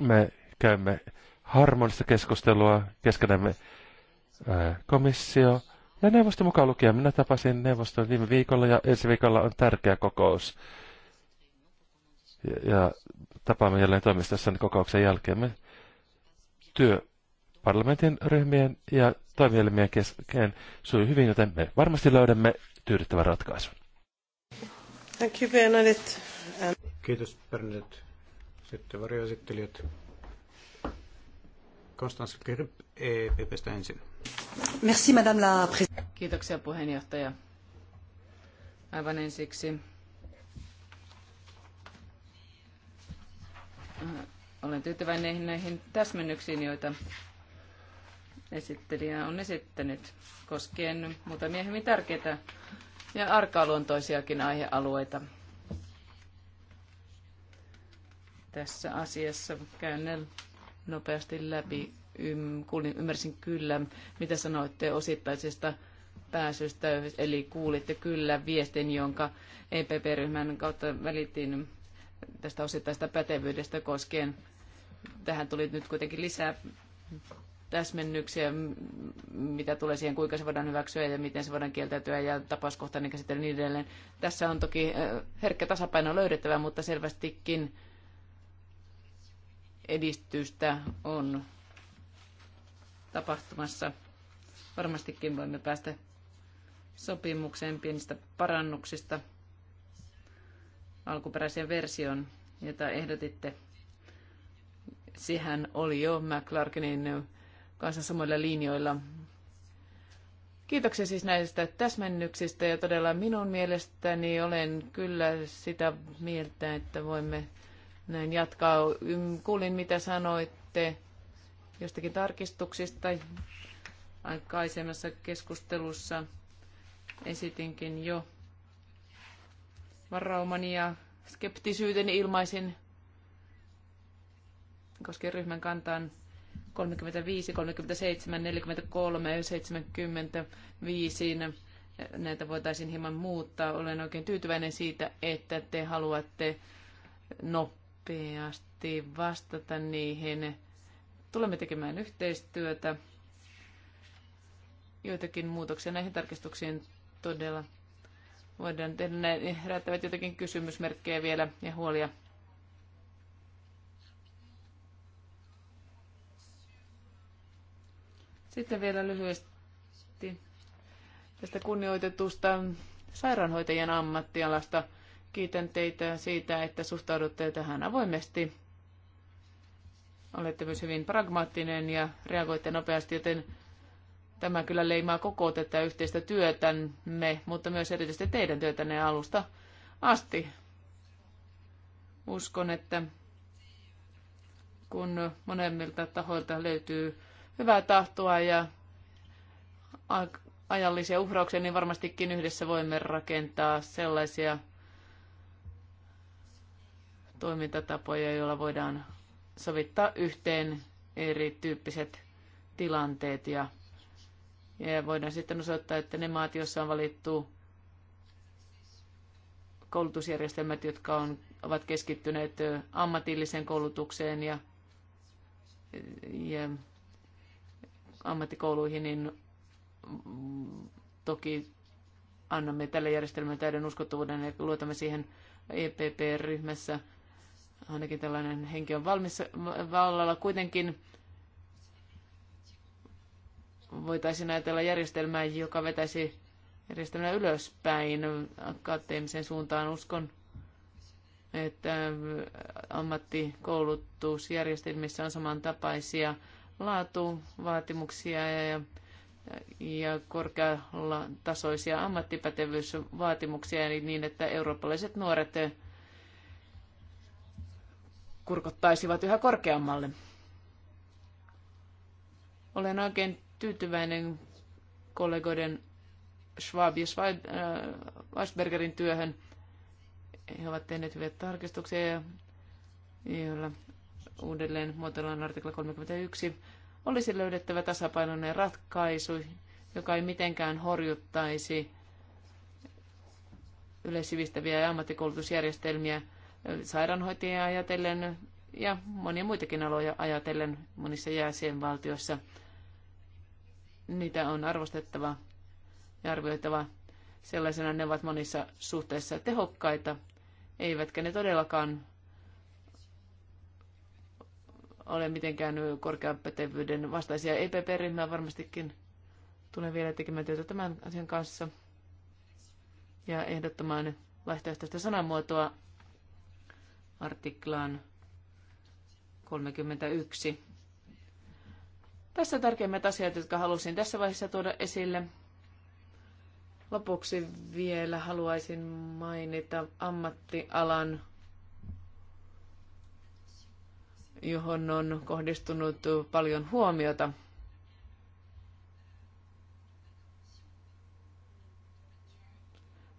Me käymme harmonista keskustelua keskenämme komissio ja neuvosto mukaan lukien. Minä tapasin neuvoston viime viikolla ja ensi viikolla on tärkeä kokous. Ja, ja tapaamme jälleen toimistossa kokouksen jälkeen. Me työ parlamentin ryhmien ja toimielimien kesken sujuu hyvin, joten me varmasti löydämme tyydyttävän ratkaisun. Thank you, Bernadette. Kiitos Bernadette. Sitten varjoesittelijät. Konstans Kerp, EPPstä ensin. Merci, madame la Kiitoksia puheenjohtaja. Aivan ensiksi äh, olen tyytyväinen näihin täsmennyksiin, joita esittelijä on esittänyt koskien muutamia hyvin tärkeitä ja arkaluontoisiakin aihealueita. Tässä asiassa käynnellä nopeasti läpi. Kuulin, ymmärsin kyllä, mitä sanoitte osittaisesta pääsystä, eli kuulitte kyllä viestin, jonka EPP-ryhmän kautta välitin tästä osittaista pätevyydestä koskien. Tähän tuli nyt kuitenkin lisää täsmennyksiä, mitä tulee siihen, kuinka se voidaan hyväksyä ja miten se voidaan kieltäytyä ja tapauskohtainen käsittely niin edelleen. Tässä on toki äh, herkkä tasapaino löydettävä, mutta selvästikin edistystä on tapahtumassa. Varmastikin voimme päästä sopimukseen pienistä parannuksista alkuperäiseen versioon, jota ehdotitte. Sehän oli jo McClarkinin kanssa samoilla linjoilla. Kiitoksia siis näistä täsmennyksistä ja todella minun mielestäni olen kyllä sitä mieltä, että voimme näin jatkaa. Kuulin, mitä sanoitte jostakin tarkistuksista aikaisemmassa keskustelussa. Esitinkin jo varaumani ja skeptisyyteni ilmaisin koskien ryhmän kantaan 35, 37, 43 ja 75. Näitä voitaisiin hieman muuttaa. Olen oikein tyytyväinen siitä, että te haluatte no, nopeasti vastata niihin. Tulemme tekemään yhteistyötä. Joitakin muutoksia näihin tarkistuksiin todella voidaan tehdä. Ne herättävät jotakin kysymysmerkkejä vielä ja huolia. Sitten vielä lyhyesti tästä kunnioitetusta sairaanhoitajien ammattialasta. Kiitän teitä siitä, että suhtaudutte tähän avoimesti. Olette myös hyvin pragmaattinen ja reagoitte nopeasti, joten tämä kyllä leimaa koko tätä yhteistä työtämme, mutta myös erityisesti teidän työtänne alusta asti. Uskon, että kun monemmilta tahoilta löytyy hyvää tahtoa ja ajallisia uhrauksia, niin varmastikin yhdessä voimme rakentaa sellaisia toimintatapoja, joilla voidaan sovittaa yhteen erityyppiset tilanteet ja, ja voidaan sitten osoittaa, että ne maat, joissa on valittu koulutusjärjestelmät, jotka on, ovat keskittyneet ammatilliseen koulutukseen ja, ja ammattikouluihin, niin toki annamme tälle järjestelmälle täyden uskottavuuden ja luotamme siihen EPP-ryhmässä Ainakin tällainen henki on valmis vallalla. Kuitenkin voitaisiin ajatella järjestelmää, joka vetäisi järjestelmää ylöspäin akateemiseen suuntaan. Uskon, että ammattikoulutusjärjestelmissä on samantapaisia laatuvaatimuksia ja, ja tasoisia ammattipätevyysvaatimuksia, eli niin, että eurooppalaiset nuoret kurkottaisivat yhä korkeammalle. Olen oikein tyytyväinen kollegoiden Schwab ja Schwab, äh, työhön. He ovat tehneet hyviä tarkistuksia, joilla uudelleen muotoillaan artikla 31. Olisi löydettävä tasapainoinen ratkaisu, joka ei mitenkään horjuttaisi yleissivistäviä ja ammattikoulutusjärjestelmiä – sairaanhoitajia ajatellen ja monia muitakin aloja ajatellen monissa jäsenvaltioissa. Niitä on arvostettava ja arvioitava sellaisena ne ovat monissa suhteissa tehokkaita, eivätkä ne todellakaan ole mitenkään korkean pätevyyden vastaisia. EPP-ryhmä varmastikin tulee vielä tekemään työtä tämän asian kanssa ja ehdottamaan vaihtoehtoista sanamuotoa artiklaan 31. Tässä tärkeimmät asiat, jotka halusin tässä vaiheessa tuoda esille. Lopuksi vielä haluaisin mainita ammattialan, johon on kohdistunut paljon huomiota.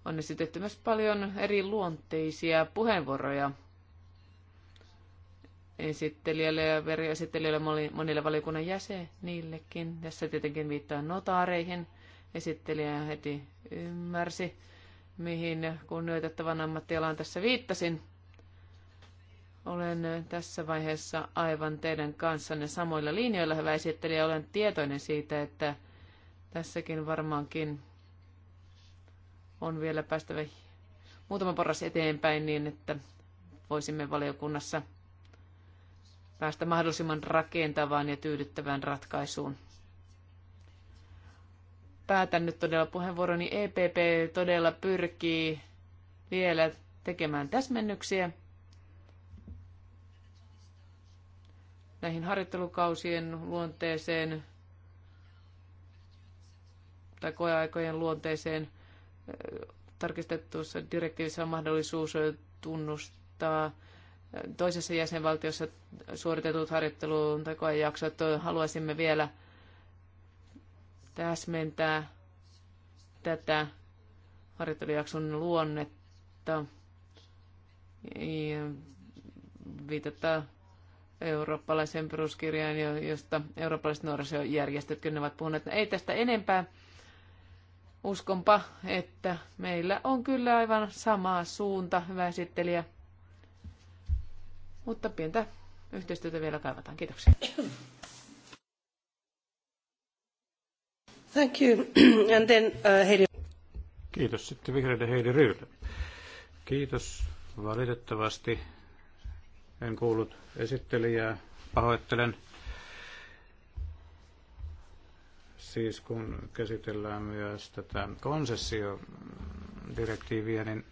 On esitetty myös paljon eri luonteisia puheenvuoroja esittelijälle ja veriesittelijälle monille valiokunnan jäsenillekin. Tässä tietenkin viittaa notaareihin. Esittelijä heti ymmärsi, mihin kunnioitettavan ammattialaan tässä viittasin. Olen tässä vaiheessa aivan teidän kanssanne samoilla linjoilla, hyvä esittelijä. Olen tietoinen siitä, että tässäkin varmaankin on vielä päästävä muutama porras eteenpäin niin, että voisimme valiokunnassa – päästä mahdollisimman rakentavaan ja tyydyttävään ratkaisuun. Päätän nyt todella puheenvuoroni. EPP todella pyrkii vielä tekemään täsmennyksiä näihin harjoittelukausien luonteeseen tai koeaikojen luonteeseen tarkistettuissa direktiivissä on mahdollisuus tunnustaa toisessa jäsenvaltiossa suoritetut harjoitteluun jaksot haluaisimme vielä täsmentää tätä harjoittelujakson luonnetta ja viitata eurooppalaisen peruskirjaan, josta eurooppalaiset nuorisojärjestöt kyllä ovat puhuneet. No, ei tästä enempää. Uskonpa, että meillä on kyllä aivan sama suunta, hyvä esittelijä mutta pientä yhteistyötä vielä kaivataan. Kiitoksia. Thank you. And then, uh, Heidi. Kiitos. Sitten vihreiden Heidi Ryylä. Kiitos. Valitettavasti en kuullut esittelijää. Pahoittelen. Siis kun käsitellään myös tätä konsessiodirektiiviä, niin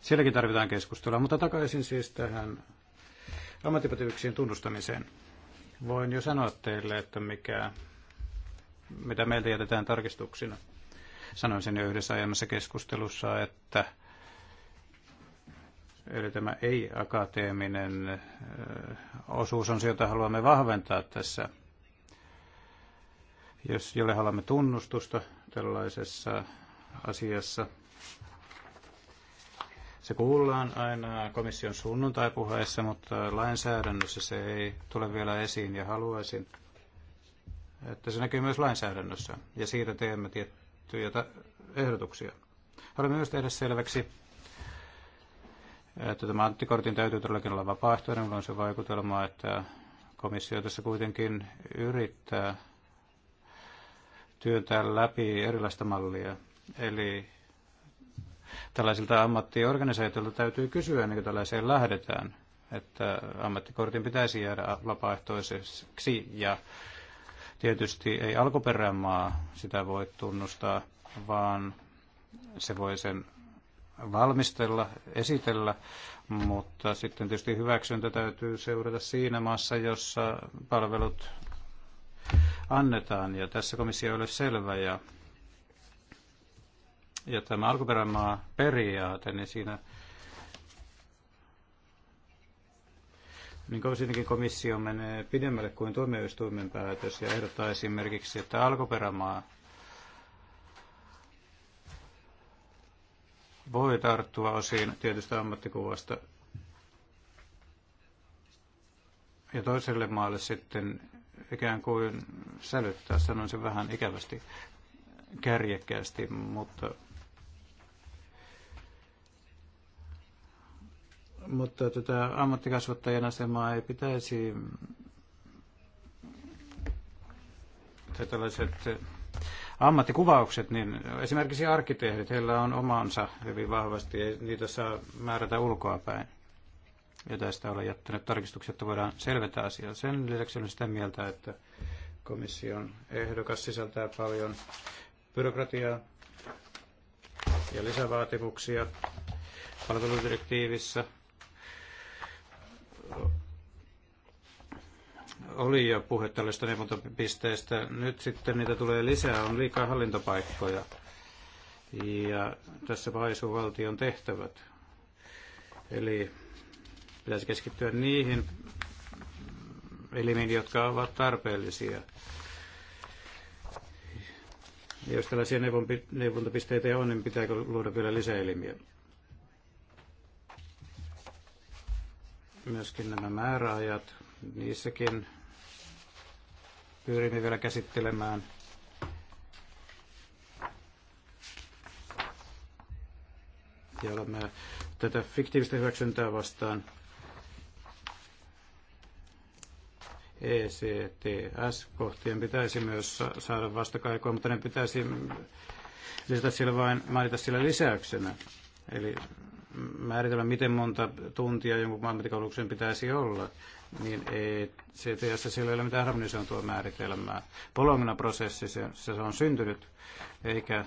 sielläkin tarvitaan keskustelua. Mutta takaisin siis tähän ammattipätevyyksien tunnustamiseen. Voin jo sanoa teille, että mikä, mitä meiltä jätetään tarkistuksina. Sanoin sen jo yhdessä aiemmassa keskustelussa, että Eli tämä ei-akateeminen osuus on se, jota haluamme vahventaa tässä, jos jolle haluamme tunnustusta tällaisessa asiassa. Se kuullaan aina komission sunnuntai-puheessa, mutta lainsäädännössä se ei tule vielä esiin ja haluaisin, että se näkyy myös lainsäädännössä ja siitä teemme tiettyjä ehdotuksia. Haluan myös tehdä selväksi, että tämä anttikortin täytyy todellakin olla vapaaehtoinen, mutta on se vaikutelma, että komissio tässä kuitenkin yrittää työntää läpi erilaista mallia. Eli Tällaisilta ammattiorganisaatioilta täytyy kysyä, ennen kuin tällaiseen lähdetään, että ammattikortin pitäisi jäädä vapaaehtoiseksi ja tietysti ei alkuperämaa sitä voi tunnustaa, vaan se voi sen valmistella, esitellä, mutta sitten tietysti hyväksyntä täytyy seurata siinä maassa, jossa palvelut annetaan, ja tässä komissio ei ole selvä, ja ja tämä alkuperämaa periaate, niin siinä niin kuitenkin komissio menee pidemmälle kuin tuomioistuimen päätös ja ehdottaa esimerkiksi, että alkuperämaa voi tarttua osiin tietystä ammattikuvasta ja toiselle maalle sitten ikään kuin sälyttää, sanoisin se vähän ikävästi kärjekkäästi, mutta Mutta tätä ammattikasvattajan asemaa ei pitäisi tällaiset eh, ammattikuvaukset, niin esimerkiksi arkkitehdit, heillä on omansa hyvin vahvasti, ei niitä saa määrätä ulkoapäin. Ja tästä olen jättänyt tarkistukset, että voidaan selventää asiaa. Sen lisäksi olen sitä mieltä, että komission ehdokas sisältää paljon byrokratiaa ja lisävaatimuksia palveludirektiivissä oli jo puhe tällaista neuvontapisteestä. Nyt sitten niitä tulee lisää, on liikaa hallintopaikkoja. Ja tässä paisuu valtion tehtävät. Eli pitäisi keskittyä niihin elimiin, jotka ovat tarpeellisia. Ja jos tällaisia neuvontapisteitä on, niin pitääkö luoda vielä lisää elimiä? Myöskin nämä määräajat, niissäkin pyrimme vielä käsittelemään. Ja olemme tätä fiktiivistä hyväksyntää vastaan ECTS-kohtien pitäisi myös saada vastakaikoa, mutta ne pitäisi lisätä siellä vain, mainita sillä lisäyksenä. Eli määritellä, miten monta tuntia jonkun ammattikoulutuksen pitäisi olla niin ei, CTS siellä ei ole mitään harmonisoitua määritelmää. Polomina prosessi, se, se on syntynyt, eikä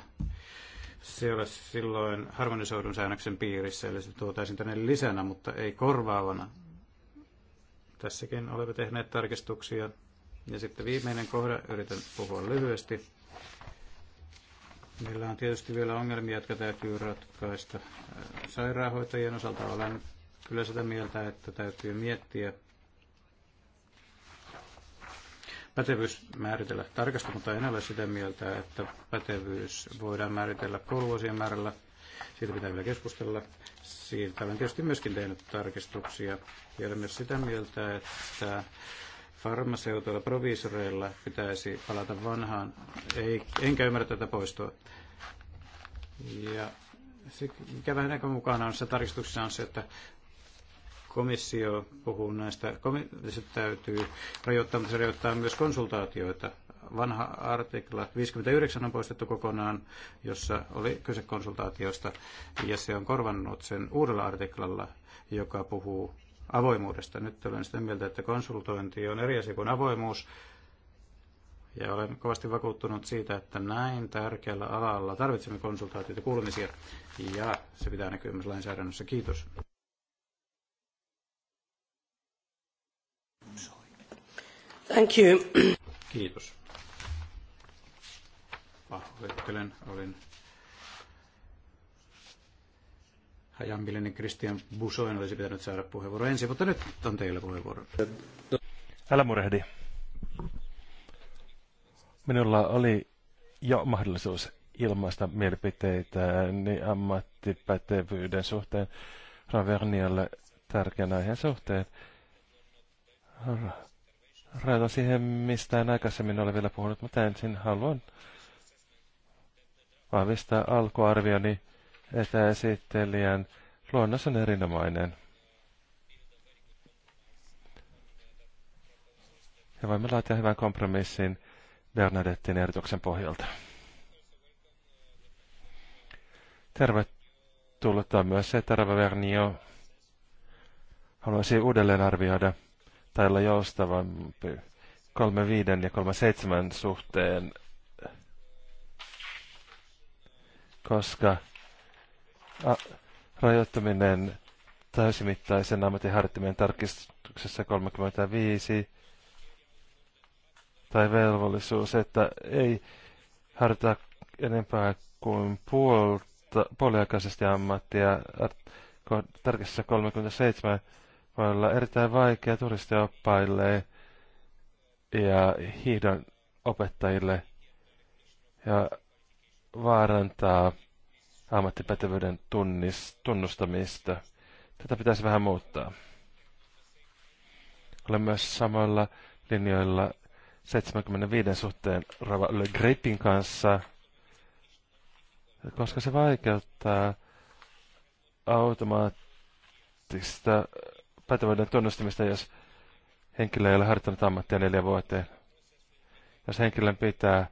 se ole silloin harmonisoidun säännöksen piirissä, eli se tuotaisiin tänne lisänä, mutta ei korvaavana. Tässäkin olemme tehneet tarkistuksia. Ja sitten viimeinen kohda, yritän puhua lyhyesti. Meillä on tietysti vielä ongelmia, jotka täytyy ratkaista sairaanhoitajien osalta. Olen kyllä sitä mieltä, että täytyy miettiä pätevyys määritellä tarkasti, mutta en ole sitä mieltä, että pätevyys voidaan määritellä kouluvuosien määrällä. Siitä pitää vielä keskustella. Siitä olen tietysti myöskin tehnyt tarkistuksia. Ja olen myös sitä mieltä, että farmaseutoilla, proviisoreilla pitäisi palata vanhaan. Ei, enkä ymmärrä tätä poistoa. Ja se, mikä vähän mukaan on se tarkistuksessa on se, että komissio puhuu näistä, se täytyy rajoittaa, mutta se rajoittaa myös konsultaatioita. Vanha artikla 59 on poistettu kokonaan, jossa oli kyse konsultaatiosta, ja se on korvannut sen uudella artiklalla, joka puhuu avoimuudesta. Nyt olen sitä mieltä, että konsultointi on eri asia kuin avoimuus, ja olen kovasti vakuuttunut siitä, että näin tärkeällä alalla tarvitsemme konsultaatioita kuulemisia, ja se pitää näkyä myös lainsäädännössä. Kiitos. Thank you. Kiitos. Pahoittelen, olin Hajanmillinen Christian Busoin olisi pitänyt saada puheenvuoro ensin, mutta nyt on teillä puheenvuoro. Älä murehdi. Minulla oli jo mahdollisuus ilmaista mielipiteitä niin ammattipätevyyden suhteen, Ravernialle tärkeän aiheen suhteen rajoita siihen, mistä en aikaisemmin ole vielä puhunut, mutta ensin haluan vahvistaa alkuarvioni, että luonnos on erinomainen. Ja voimme laatia hyvän kompromissin Bernadettin erityksen pohjalta. Tervetuloa myös se, että Rava Vernio haluaisi uudelleen arvioida – tai olla joustavampi kolme viiden ja kolme seitsemän suhteen, koska a, rajoittaminen täysimittaisen ammatinharjoittaminen tarkistuksessa 35 tai velvollisuus, että ei harjoita enempää kuin puolta, puoliaikaisesti ammattia tarkistuksessa 37 voi olla erittäin vaikea turistioppaille ja hiidon opettajille ja vaarantaa ammattipätevyyden tunnist- tunnustamista. Tätä pitäisi vähän muuttaa. Olen myös samoilla linjoilla 75 suhteen Rava Le Grippin kanssa, koska se vaikeuttaa automaattista pätevyyden tunnustamista, jos henkilö ei ole harjoittanut ammattia neljä vuoteen. Jos henkilön pitää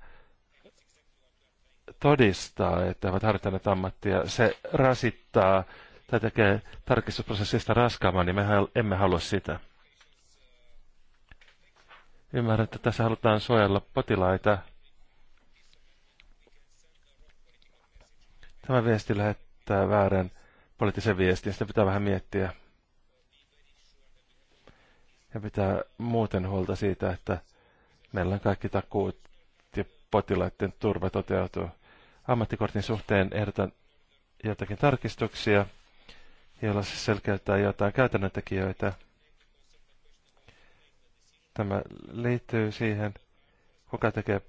todistaa, että ovat harjoittaneet ammattia, se rasittaa tai tekee tarkistusprosessista raskaamman, niin me emme halua sitä. Ymmärrän, että tässä halutaan suojella potilaita. Tämä viesti lähettää väärän poliittisen viestin, sitä pitää vähän miettiä ja pitää muuten huolta siitä, että meillä on kaikki takuut ja potilaiden turva toteutuu. Ammattikortin suhteen ehdotan jotakin tarkistuksia, joilla se selkeyttää jotain käytännön tekijöitä. Tämä liittyy siihen, kuka tekee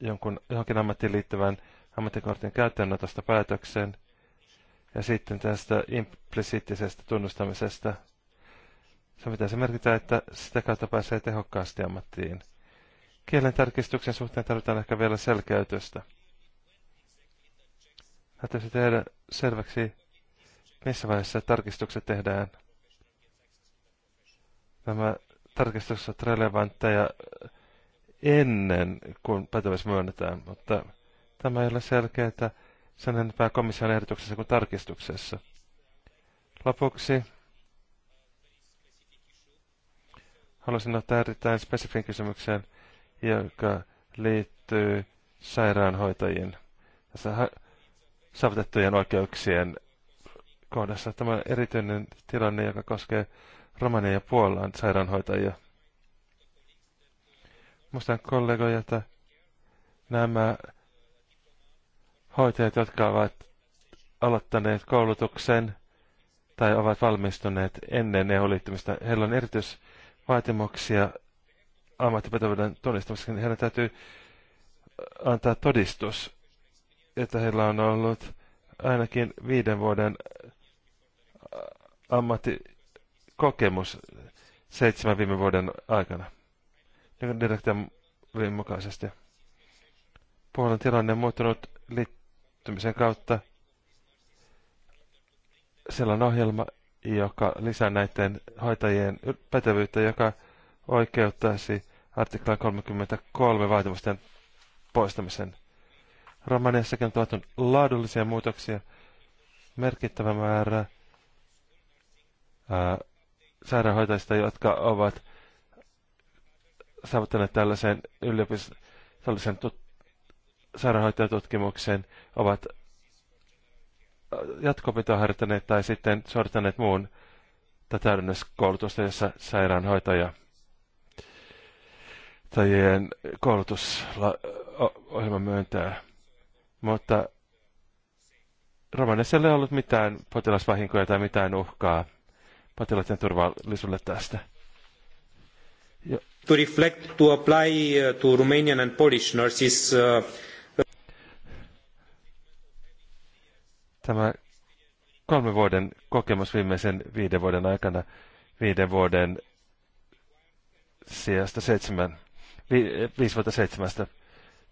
jonkun, johonkin ammattiin liittyvän ammattikortin käyttöönotosta päätöksen ja sitten tästä implisiittisestä tunnustamisesta – se pitäisi merkitä, että sitä kautta pääsee tehokkaasti ammattiin. Kielen tarkistuksen suhteen tarvitaan ehkä vielä selkeytystä. Täytyisi tehdä selväksi, missä vaiheessa tarkistukset tehdään. Nämä tarkistukset ovat relevantteja ennen kuin pätevyys myönnetään, mutta tämä ei ole selkeää sen enempää komission ehdotuksessa kuin tarkistuksessa. Lopuksi Haluaisin ottaa erittäin spesifin kysymyksen, joka liittyy sairaanhoitajien ja saavutettujen oikeuksien kohdassa. Tämä on erityinen tilanne, joka koskee Romania ja Puolan sairaanhoitajia. Muistan kollegoja, että nämä hoitajat, jotka ovat aloittaneet koulutuksen tai ovat valmistuneet ennen EU-liittymistä, heillä on erityisesti vaatimuksia ammattipätevyyden tunnistamiseksi, niin heidän täytyy äh, antaa todistus, että heillä on ollut ainakin viiden vuoden äh, ammattikokemus seitsemän viime vuoden aikana. Niin direktiivin mukaisesti. Puolen tilanne on muuttunut liittymisen kautta. Siellä on ohjelma, joka lisää näiden hoitajien pätevyyttä, joka oikeuttaisi artikla 33 vaatimusten poistamisen. Romaniassakin on tuotu laadullisia muutoksia, merkittävä määrä ää, sairaanhoitajista, jotka ovat saavuttaneet tällaisen yliopistollisen tut- sairaanhoitajatutkimuksen, ovat Äh, jatko-opintoa harjoittaneet tai sitten suorittaneet muun tai täydennyskoulutusta, jossa sairaanhoitaja tajien koulutusohjelma myöntää. Mutta Romanessa ei ole ollut mitään potilasvahinkoja tai mitään uhkaa potilaiden turvallisuudelle tästä. To reflect, to apply uh, to Romanian and Polish nurses uh, Tämä kolmen vuoden kokemus viimeisen viiden vuoden aikana viiden vuoden sijasta seitsemän, vi, viisi vuotta seitsemästä.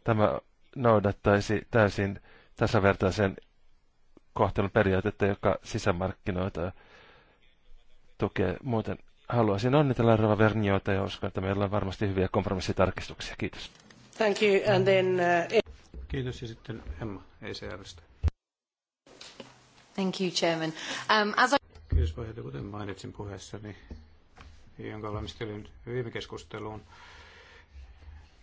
Tämä noudattaisi täysin tasavertaisen kohtelun periaatetta, joka sisämarkkinoita tukee. Muuten haluaisin onnitella Rova Verniota ja uskon, että meillä on varmasti hyviä kompromissitarkistuksia. Kiitos. Thank you. And then, uh, Kiitos ja sitten Emma ECRstä. Thank you, Chairman. Um, as I... Kiitos puheenjohtaja, kuten mainitsin puheessani, jonka valmistelin viime keskusteluun,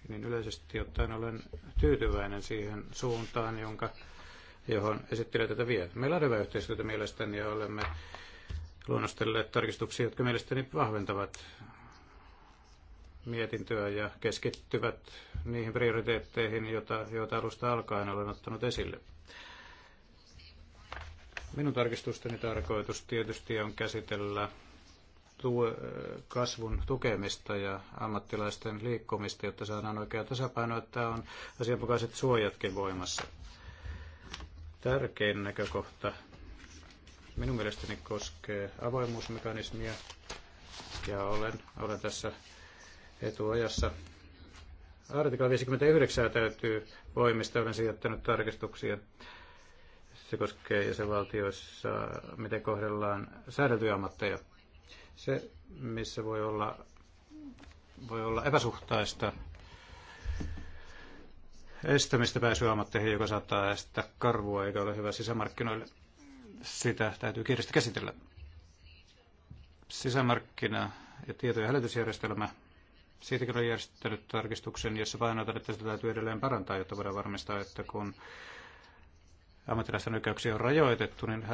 niin yleisesti ottaen olen tyytyväinen siihen suuntaan, jonka, johon esittelee tätä vie. Meillä on hyvä yhteistyötä mielestäni ja olemme luonnostelleet tarkistuksia, jotka mielestäni vahventavat mietintöä ja keskittyvät niihin prioriteetteihin, joita, joita alusta alkaen olen ottanut esille. Minun tarkistusteni tarkoitus tietysti on käsitellä äh, kasvun tukemista ja ammattilaisten liikkumista, jotta saadaan oikea tasapaino, että on asianmukaiset suojatkin voimassa. Tärkein näkökohta minun mielestäni koskee avoimuusmekanismia ja olen, olen tässä etuajassa. Artikla 59 täytyy voimista, olen sijoittanut tarkistuksia se koskee jäsenvaltioissa, miten kohdellaan säädeltyjä ammatteja. Se, missä voi olla, voi olla epäsuhtaista estämistä pääsyä ammatteihin, joka saattaa estää karvua eikä ole hyvä sisämarkkinoille. Sitä täytyy kiireesti käsitellä. Sisämarkkina ja tieto- ja hälytysjärjestelmä siitäkin on järjestänyt tarkistuksen, jossa painotan, että sitä täytyy edelleen parantaa, jotta voidaan varmistaa, että kun ammattilaisten oikeuksia on rajoitettu, niin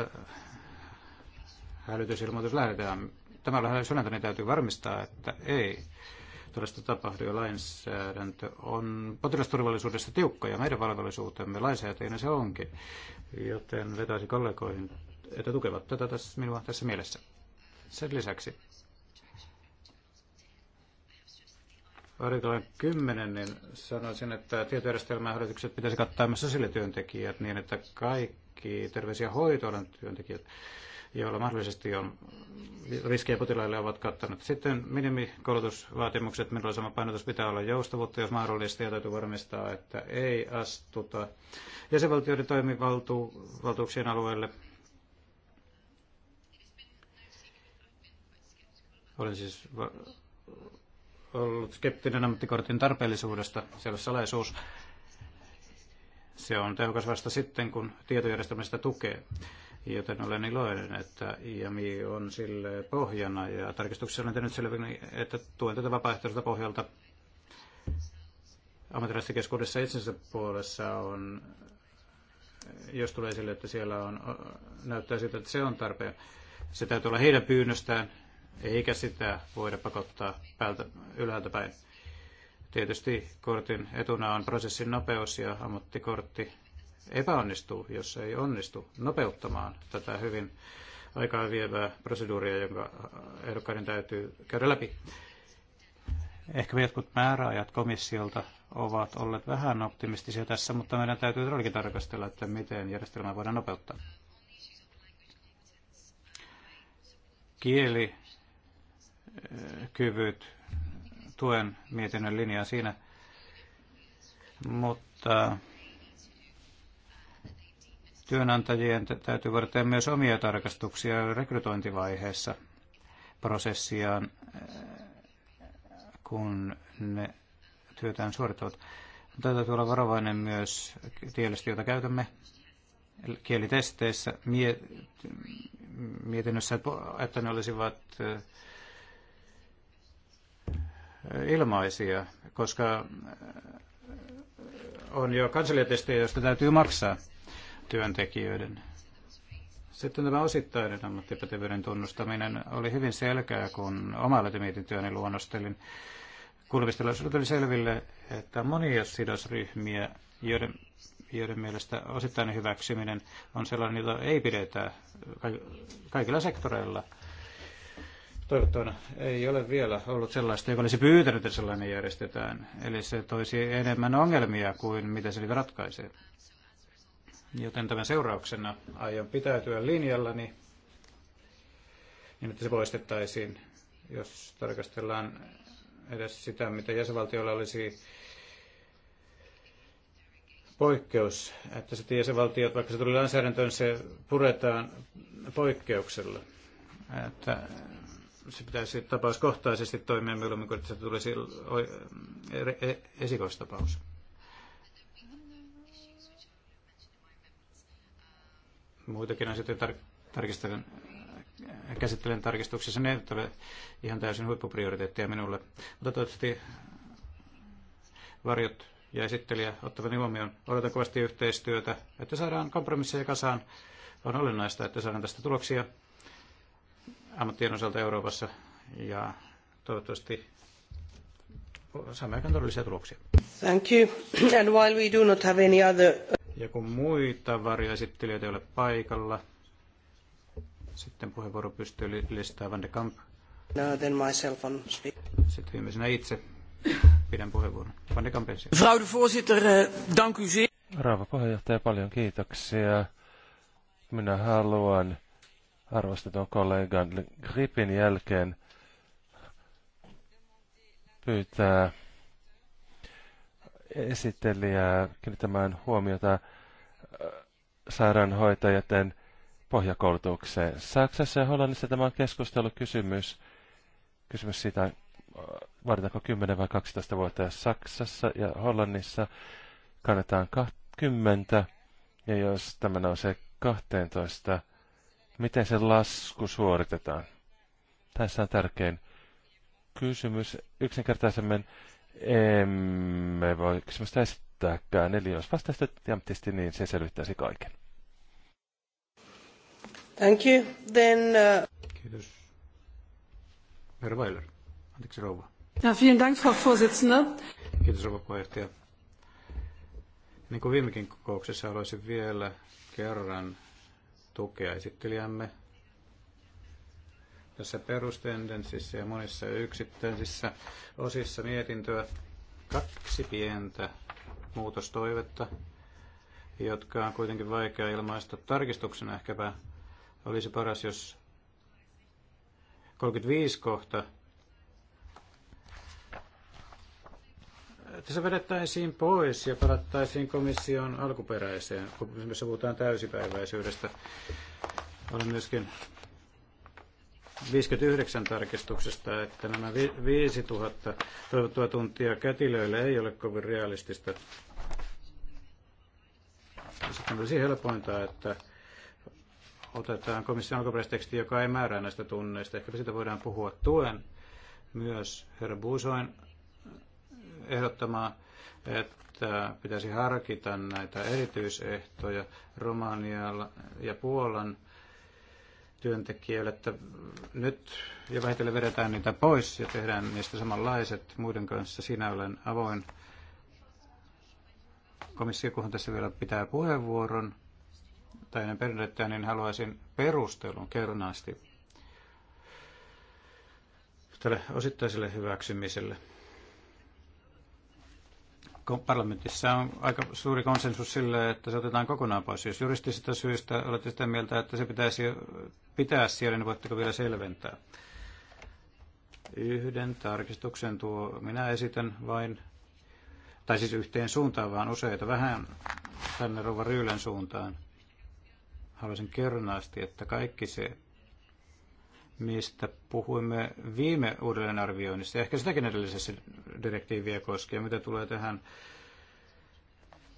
hälytysilmoitus lähdetään. Tämä lähdetään niin täytyy varmistaa, että ei todellista tapahdu ja lainsäädäntö on potilasturvallisuudessa tiukka ja meidän valvollisuutemme lainsäätäjänä se onkin. Joten vetäisi kollegoihin, että tukevat tätä tässä, minua tässä mielessä. Sen lisäksi artiklan 10, niin sanoisin, että tietojärjestelmän harjoitukset pitäisi kattaa myös sosiaalityöntekijät niin, että kaikki terveisiä ja hoitoalan työntekijät, joilla mahdollisesti on riskejä potilaille, ovat kattaneet. Sitten minimikoulutusvaatimukset, milloin sama painotus pitää olla joustavuutta, jos mahdollista, ja täytyy varmistaa, että ei astuta jäsenvaltioiden toimivaltuuksien alueelle. Olen siis ollut skeptinen ammattikortin tarpeellisuudesta, se on salaisuus. Se on tehokas vasta sitten, kun tietojärjestelmästä tukee. Joten olen iloinen, että IMI on sille pohjana ja tarkistuksessa olen tehnyt selvä, että tuen tätä vapaaehtoiselta pohjalta. Ammattilaistikeskuudessa itsensä puolessa on, jos tulee sille, että siellä on, näyttää siltä, että se on tarpeen. Se täytyy olla heidän pyynnöstään eikä sitä voida pakottaa päältä, ylhäältä päin. Tietysti kortin etuna on prosessin nopeus ja ammattikortti epäonnistuu, jos ei onnistu nopeuttamaan tätä hyvin aikaa vievää proseduuria, jonka ehdokkaiden täytyy käydä läpi. Ehkä jotkut määräajat komissiolta ovat olleet vähän optimistisia tässä, mutta meidän täytyy todellakin tarkastella, että miten järjestelmää voidaan nopeuttaa. Kieli kyvyt tuen mietinnön linjaa siinä, mutta työnantajien täytyy varten myös omia tarkastuksia rekrytointivaiheessa prosessiaan, kun ne työtään suorittavat. täytyy olla varovainen myös kielestä, jota käytämme kielitesteissä mietinnössä, että ne olisivat ilmaisia, koska on jo kansaliatestejä, joista täytyy maksaa työntekijöiden. Sitten tämä osittainen ammattipätevyyden tunnustaminen oli hyvin selkeä, kun omaa työni luonnostelin. Kuulemistilaisuudet oli selville, että monia sidosryhmiä, joiden, joiden mielestä osittainen hyväksyminen on sellainen, jota ei pidetä kaikilla sektoreilla – toivottavana ei ole vielä ollut sellaista, joka olisi pyytänyt, että sellainen järjestetään. Eli se toisi enemmän ongelmia kuin mitä se niitä ratkaisee. Joten tämän seurauksena aion pitäytyä linjallani niin, että se poistettaisiin, jos tarkastellaan edes sitä, mitä jäsenvaltiolla olisi poikkeus, että se jäsenvaltiot, vaikka se tuli lainsäädäntöön, se puretaan poikkeuksella. Että se pitäisi tapauskohtaisesti toimia mieluummin kuin, että se tulisi e- esikoistapaus. Muitakin asioita tar- tarkistelen, käsittelen tarkistuksessa. Ne eivät ole ihan täysin huippuprioriteetteja minulle, mutta toivottavasti varjot ja esittelijä ottavat huomioon. Odotan kovasti yhteistyötä, että saadaan kompromisseja kasaan. On olennaista, että saadaan tästä tuloksia ammattien osalta Euroopassa ja toivottavasti saamme aikaan todellisia tuloksia. Thank you. And while we do not have any other... Ja kun muita varjoesittelijöitä ei ole paikalla, sitten puheenvuoro pystyy listaa Van de Kamp. No, then myself on speak. Sitten viimeisenä itse pidän puheenvuoron. Van de Kamp ensin. Mevrouw de voorzitter, eh, dank u zeer. Rouva puheenjohtaja, paljon kiitoksia. Minä haluan arvostetun kollegan Gripin jälkeen pyytää esittelijää kiinnittämään huomiota äh, sairaanhoitajien pohjakoulutukseen. Saksassa ja Hollannissa tämä on keskustelukysymys. Kysymys siitä, äh, vaaditaanko 10 vai 12 vuotta. Ja Saksassa ja Hollannissa kannetaan 20. Ja jos tämä nousee 12, miten se lasku suoritetaan. Tässä on tärkein kysymys. Yksinkertaisemmin emme voi kysymystä esittääkään, eli jos vastasit jämptisti, niin se selvittäisi kaiken. Thank you. Then, uh... Kiitos. Herra Weiler. Anteeksi rouva. Ja, vielen Dank, Frau Vorsitzende. Kiitos rouva puheenjohtaja. Niin kuin viimekin kokouksessa haluaisin vielä kerran tukea esittelijämme tässä perustendenssissä ja monissa yksittäisissä osissa mietintöä kaksi pientä muutostoivetta, jotka on kuitenkin vaikea ilmaista tarkistuksena ehkäpä olisi paras, jos 35 kohta että se vedettäisiin pois ja palattaisiin komission alkuperäiseen, kun me puhutaan täysipäiväisyydestä. Olen myöskin 59 tarkistuksesta, että nämä 5000 toivottua tuntia kätilöille ei ole kovin realistista. Sitten olisi helpointa, että otetaan komission alkuperäisteksti, joka ei määrää näistä tunneista. Ehkä siitä voidaan puhua tuen myös herra Buusoin ehdottamaan, että pitäisi harkita näitä erityisehtoja Romanialla ja Puolan työntekijöille, että nyt ja vähitellen vedetään niitä pois ja tehdään niistä samanlaiset muiden kanssa. Sinä olen avoin. kunhan tässä vielä pitää puheenvuoron tai ennen perinnettä, niin haluaisin perustelun kernaasti tälle osittaiselle hyväksymiselle parlamentissa on aika suuri konsensus sille, että se otetaan kokonaan pois. Jos juristisista syistä olette sitä mieltä, että se pitäisi pitää siellä, niin voitteko vielä selventää? Yhden tarkistuksen tuo minä esitän vain, tai siis yhteen suuntaan, vaan useita vähän tänne Rova Ryylän suuntaan. Haluaisin kernaasti, että kaikki se mistä puhuimme viime uudelleenarvioinnissa, ehkä sitäkin edellisessä direktiiviä koskien, mitä tulee tähän,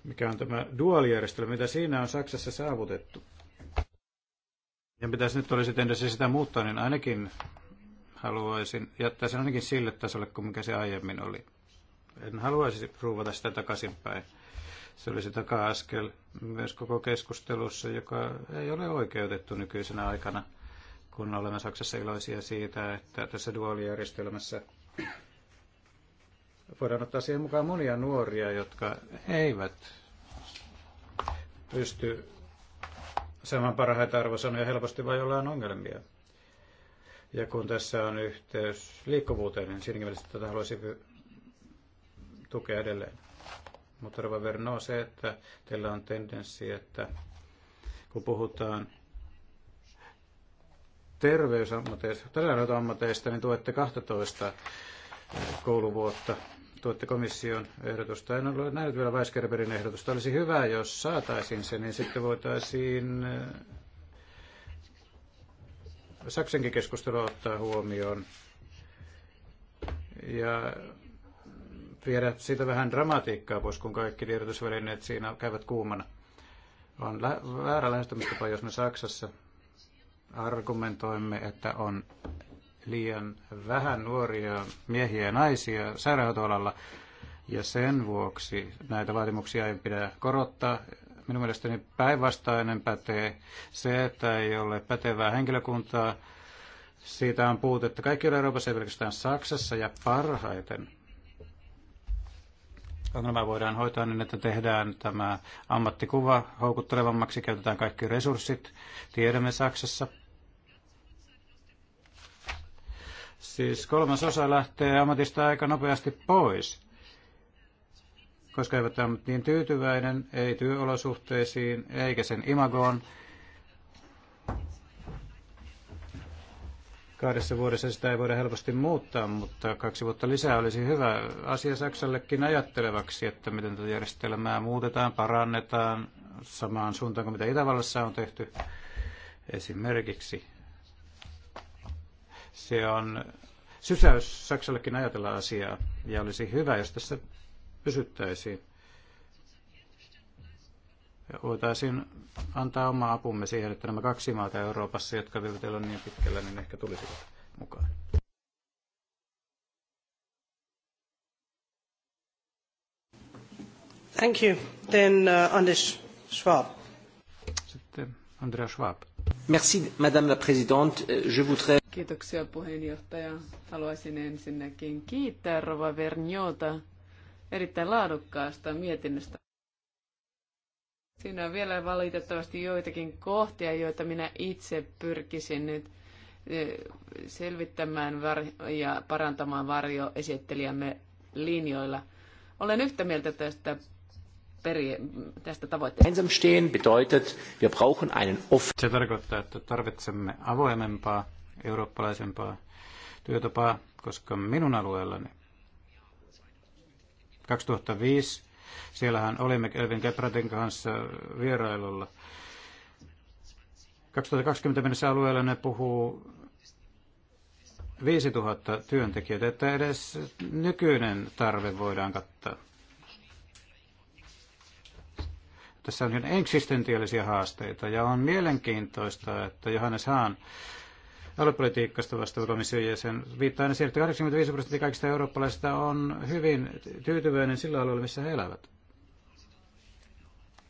mikä on tämä duaalijärjestelmä, mitä siinä on Saksassa saavutettu. Ja mitä nyt olisi tehdä se sitä muuttaa, niin ainakin haluaisin jättää sen ainakin sille tasolle kuin mikä se aiemmin oli. En haluaisi ruuvata sitä takaisinpäin. Se olisi taka-askel myös koko keskustelussa, joka ei ole oikeutettu nykyisenä aikana kun olemme Saksassa iloisia siitä, että tässä duolijärjestelmässä voidaan ottaa siihen mukaan monia nuoria, jotka eivät pysty saamaan parhaita arvosanoja helposti, vai jollain ongelmia. Ja kun tässä on yhteys liikkuvuuteen, niin siinäkin mielessä tätä haluaisin tukea edelleen. Mutta Rova Verno, se, että teillä on tendenssi, että kun puhutaan terveysammateista, terveysammateista, niin tuette 12 kouluvuotta. Tuette komission ehdotusta. En ole nähnyt vielä Weisgerberin ehdotusta. Olisi hyvä, jos saataisiin se, niin sitten voitaisiin eh, Saksenkin keskustelu ottaa huomioon ja viedä siitä vähän dramatiikkaa pois, kun kaikki tiedotusvälineet siinä käyvät kuumana. On väärä lähestymistapa, jos me Saksassa argumentoimme, että on liian vähän nuoria miehiä ja naisia sairaanhoitoalalla, ja sen vuoksi näitä vaatimuksia ei pidä korottaa. Minun mielestäni päinvastainen pätee se, että ei ole pätevää henkilökuntaa. Siitä on kaikki on Euroopassa ja pelkästään Saksassa ja parhaiten. Ongelma voidaan hoitaa niin, että tehdään tämä ammattikuva houkuttelevammaksi, käytetään kaikki resurssit. Tiedämme Saksassa Siis kolmas osa lähtee ammatista aika nopeasti pois, koska eivät ole niin tyytyväinen, ei työolosuhteisiin eikä sen imagoon. Kahdessa vuodessa sitä ei voida helposti muuttaa, mutta kaksi vuotta lisää olisi hyvä asia Saksallekin ajattelevaksi, että miten tätä järjestelmää muutetaan, parannetaan samaan suuntaan kuin mitä Itävallassa on tehty esimerkiksi se on sysäys Saksallekin ajatella asiaa, ja olisi hyvä, jos tässä pysyttäisiin. Voitaisiin antaa oma apumme siihen, että nämä kaksi maata Euroopassa, jotka eivät niin pitkällä, niin ehkä tulisivat mukaan. Thank you. Then uh, Anders Schwab. Sitten Andreas Schwab. Merci, Madame la Présidente. Euh, je voudrais... Kiitoksia puheenjohtaja. Haluaisin ensinnäkin kiittää Rova Verniota erittäin laadukkaasta mietinnöstä. Siinä on vielä valitettavasti joitakin kohtia, joita minä itse pyrkisin nyt e, selvittämään ja parantamaan varjoesittelijämme linjoilla. Olen yhtä mieltä tästä tästä tavoitteesta. Se tarkoittaa, että tarvitsemme avoimempaa eurooppalaisempaa työtapaa, koska minun alueellani 2005, siellähän olimme Elvin Kepratin kanssa vierailulla. 2020 mennessä alueella ne puhuu 5000 työntekijöitä, että edes nykyinen tarve voidaan kattaa. Tässä on eksistentiaalisia haasteita ja on mielenkiintoista, että Johannes Haan aluepolitiikasta vastaava komission jäsen viittaa aina siihen, että 85 prosenttia kaikista eurooppalaisista on hyvin tyytyväinen sillä alueella, missä he elävät.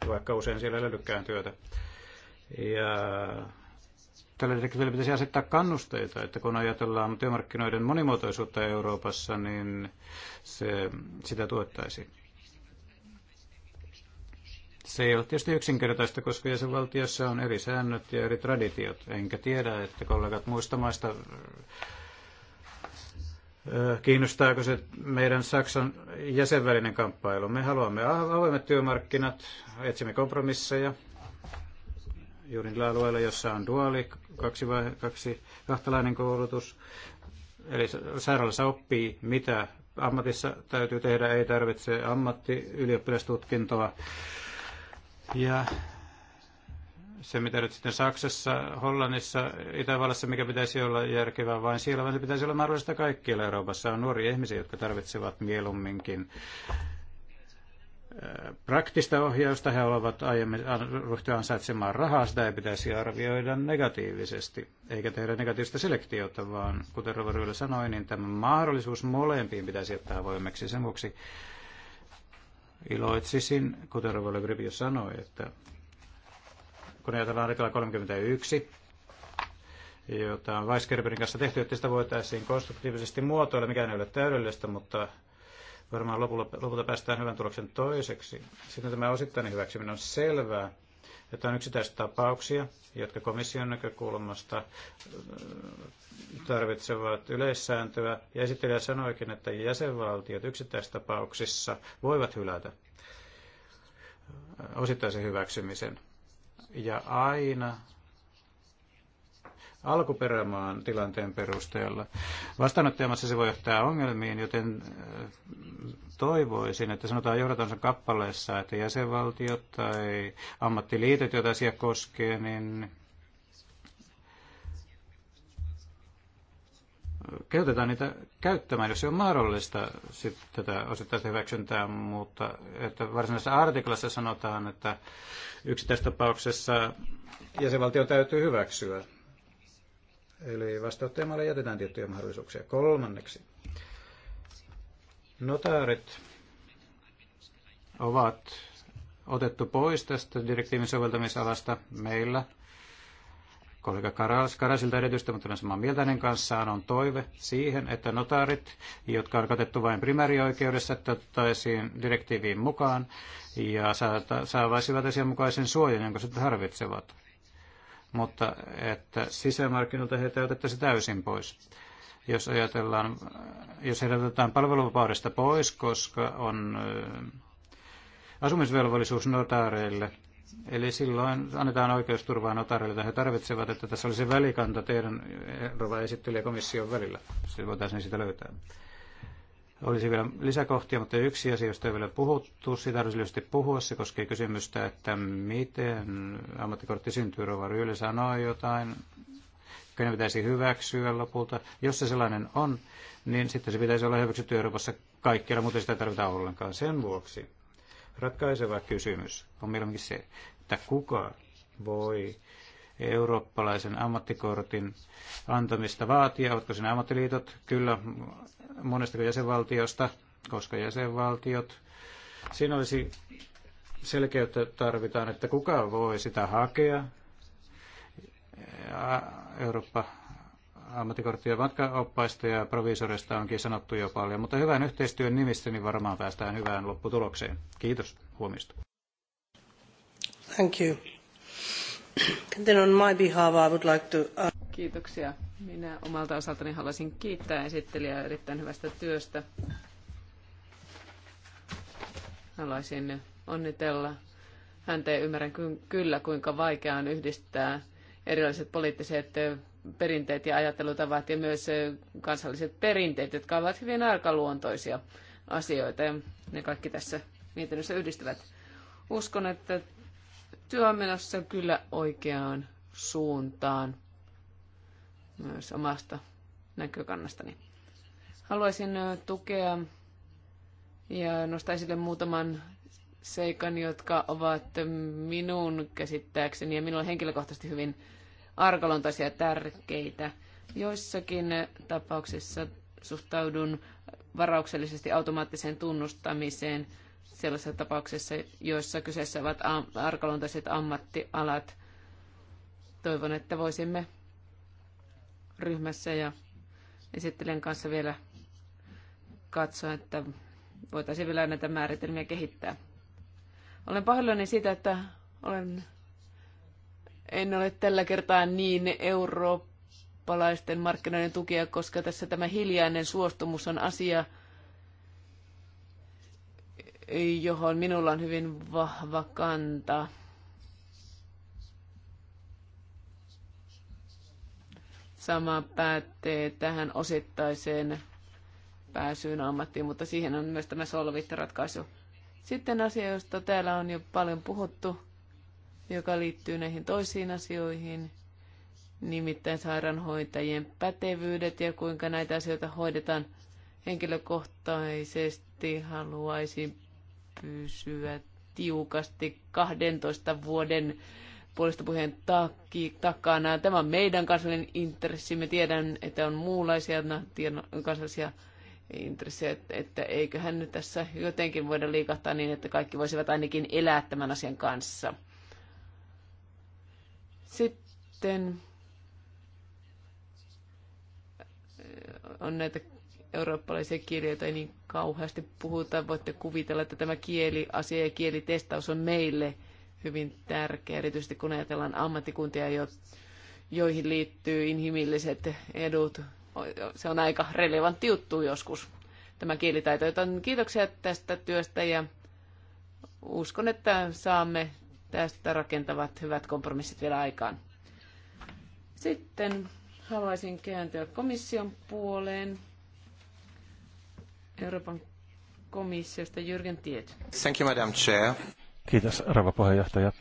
Vaikka usein siellä ei löydykään työtä. Ja tällä direktiivillä pitäisi asettaa kannusteita, että kun ajatellaan työmarkkinoiden monimuotoisuutta Euroopassa, niin se, sitä tuettaisiin. Se ei ole tietysti yksinkertaista, koska jäsenvaltiossa on eri säännöt ja eri traditiot. Enkä tiedä, että kollegat muista maista kiinnostaako se meidän Saksan jäsenvälinen kamppailu. Me haluamme avoimet työmarkkinat, etsimme kompromisseja juuri niillä alueilla, jossa on duaali, kaksi, vai, kaksi kahtalainen koulutus. Eli sairaalassa oppii, mitä ammatissa täytyy tehdä, ei tarvitse ammatti ylioppilastutkintoa. Ja se, mitä nyt sitten Saksassa, Hollannissa, Itävallassa, mikä pitäisi olla järkevää vain siellä, vaan se pitäisi olla mahdollista kaikkialla Euroopassa. On nuoria ihmisiä, jotka tarvitsevat mieluumminkin praktista ohjausta. He ovat aiemmin ryhtyä ansaitsemaan rahaa, sitä ei pitäisi arvioida negatiivisesti, eikä tehdä negatiivista selektiota, vaan kuten Rovaryllä sanoi, niin tämä mahdollisuus molempiin pitäisi ottaa voimeksi. Sen vuoksi Iloitsisin, kuten Rovalle Gripio sanoi, että kun ajatellaan artikla 31, jota on Weisgerberin kanssa tehty, että sitä voitaisiin konstruktiivisesti muotoilla, mikä ei ole täydellistä, mutta varmaan lopulta, lopulta päästään hyvän tuloksen toiseksi. Sitten tämä osittainen hyväksyminen on selvää jotain tapauksia, jotka komission näkökulmasta äh, tarvitsevat yleissääntöä. Ja esittelijä sanoikin, että jäsenvaltiot tapauksissa voivat hylätä äh, osittaisen hyväksymisen. Ja aina alkuperämaan tilanteen perusteella. Vastaanottajamassa se voi johtaa ongelmiin, joten äh, toivoisin, että sanotaan johdatonsa kappaleessa, että jäsenvaltiot tai ammattiliitot, joita asia koskee, niin käytetään niitä käyttämään, jos se on mahdollista sit tätä osittaista hyväksyntää, mutta että varsinaisessa artiklassa sanotaan, että tapauksessa jäsenvaltion täytyy hyväksyä. Eli vastaanottajamaalle jätetään tiettyjä mahdollisuuksia. Kolmanneksi Notaarit ovat otettu pois tästä direktiivin soveltamisalasta meillä. Kollega Karas, Karasilta erityistä, mutta olen samaa mieltä hänen kanssaan, on toive siihen, että notaarit, jotka on katettu vain primäärioikeudessa, otettaisiin direktiiviin mukaan ja saavaisivat asianmukaisen suojan, jonka se tarvitsevat. Mutta että sisämarkkinoilta heitä otettaisiin täysin pois jos ajatellaan, jos herätetään palveluvapaudesta pois, koska on asumisvelvollisuus notaareille, Eli silloin annetaan oikeusturvaa notaareille, että he tarvitsevat, että tässä olisi välikanta teidän rova ja komission välillä. Se voitaisiin sitä löytää. Olisi vielä lisäkohtia, mutta yksi asia, josta ei vielä puhuttu, sitä olisi puhua. Se koskee kysymystä, että miten ammattikortti syntyy. Rova Ryyli sanoi jotain ne pitäisi hyväksyä lopulta. Jos se sellainen on, niin sitten se pitäisi olla hyväksytty Euroopassa kaikkialla, mutta sitä tarvitaan ollenkaan. Sen vuoksi ratkaiseva kysymys on mieluummin se, että kuka voi eurooppalaisen ammattikortin antamista vaatia. Ovatko sinä ammattiliitot? Kyllä, monestako jäsenvaltiosta, koska jäsenvaltiot. Siinä olisi selkeyttä tarvitaan, että kuka voi sitä hakea, Eurooppa ammattikortti- ja matkaoppaista ja proviisoreista onkin sanottu jo paljon, mutta hyvän yhteistyön nimissä niin varmaan päästään hyvään lopputulokseen. Kiitos huomiosta. Thank you. Then on my behalf I would like to... Uh, Kiitoksia. Minä omalta osaltani haluaisin kiittää esittelijää erittäin hyvästä työstä. Haluaisin onnitella häntä ja ymmärrän kyllä, kuinka vaikea on yhdistää erilaiset poliittiset perinteet ja ajattelutavat ja myös kansalliset perinteet, jotka ovat hyvin arkaluontoisia asioita ja ne kaikki tässä mietinnössä yhdistävät. Uskon, että työ on menossa kyllä oikeaan suuntaan myös omasta näkökannastani. Haluaisin tukea ja nostaa esille muutaman seikan, jotka ovat minun käsittääkseni ja minulle henkilökohtaisesti hyvin arkaluontoisia ja tärkeitä. Joissakin tapauksissa suhtaudun varauksellisesti automaattiseen tunnustamiseen sellaisissa tapauksissa, joissa kyseessä ovat arkaluontoiset ammattialat. Toivon, että voisimme ryhmässä ja esittelijän kanssa vielä katsoa, että voitaisiin vielä näitä määritelmiä kehittää. Olen pahoillani siitä, että olen, en ole tällä kertaa niin eurooppalaisten markkinoiden tukia, koska tässä tämä hiljainen suostumus on asia, johon minulla on hyvin vahva kanta. Sama päättee tähän osittaiseen pääsyyn ammattiin, mutta siihen on myös tämä solvit ratkaisu. Sitten asia, josta täällä on jo paljon puhuttu, joka liittyy näihin toisiin asioihin, nimittäin sairaanhoitajien pätevyydet ja kuinka näitä asioita hoidetaan henkilökohtaisesti. Haluaisin pysyä tiukasti 12 vuoden puolesta puheen takki, takana. Tämä on meidän kansallinen intressi. Me tiedän, että on muunlaisia kansallisia intressiä, että eiköhän nyt tässä jotenkin voida liikahtaa niin, että kaikki voisivat ainakin elää tämän asian kanssa. Sitten on näitä eurooppalaisia kirjoita ei niin kauheasti puhuta. Voitte kuvitella, että tämä kieliasia ja kielitestaus on meille hyvin tärkeä, erityisesti kun ajatellaan ammattikuntia, joihin liittyy inhimilliset edut, se on aika relevantti juttu joskus, tämä kielitaito. Joten kiitoksia tästä työstä ja uskon, että saamme tästä rakentavat hyvät kompromissit vielä aikaan. Sitten haluaisin kääntyä komission puoleen. Euroopan komissiosta Jürgen Tiet. Thank you, Madam Chair. Kiitos, rouva puheenjohtaja.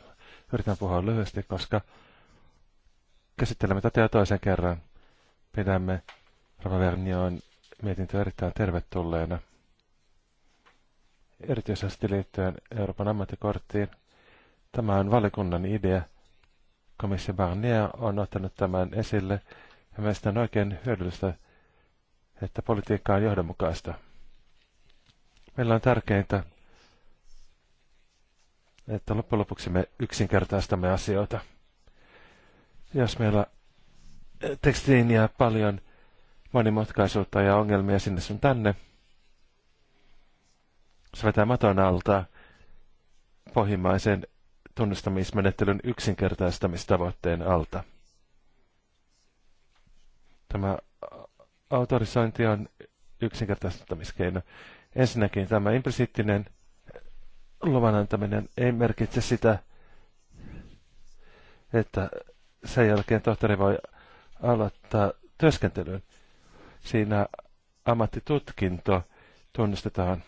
Yritän puhua lyhyesti, koska käsittelemme tätä toisen kerran. Pidämme Ravavernion mietintö erittäin tervetulleena. Erityisesti liittyen Euroopan ammattikorttiin. Tämä on valikunnan idea. Komissio Barnier on ottanut tämän esille ja meistä on oikein hyödyllistä, että politiikka on johdonmukaista. Meillä on tärkeintä, että loppujen lopuksi me yksinkertaistamme asioita. Jos meillä tekstiiniä paljon – monimutkaisuutta ja ongelmia sinne sun tänne. Se vetää maton alta pohjimmaisen tunnistamismenettelyn yksinkertaistamistavoitteen alta. Tämä autorisointi on yksinkertaistamiskeino. Ensinnäkin tämä implisiittinen luvan antaminen ei merkitse sitä, että sen jälkeen tohtori voi aloittaa työskentelyyn. Siinä ammattitutkinto tunnistetaan.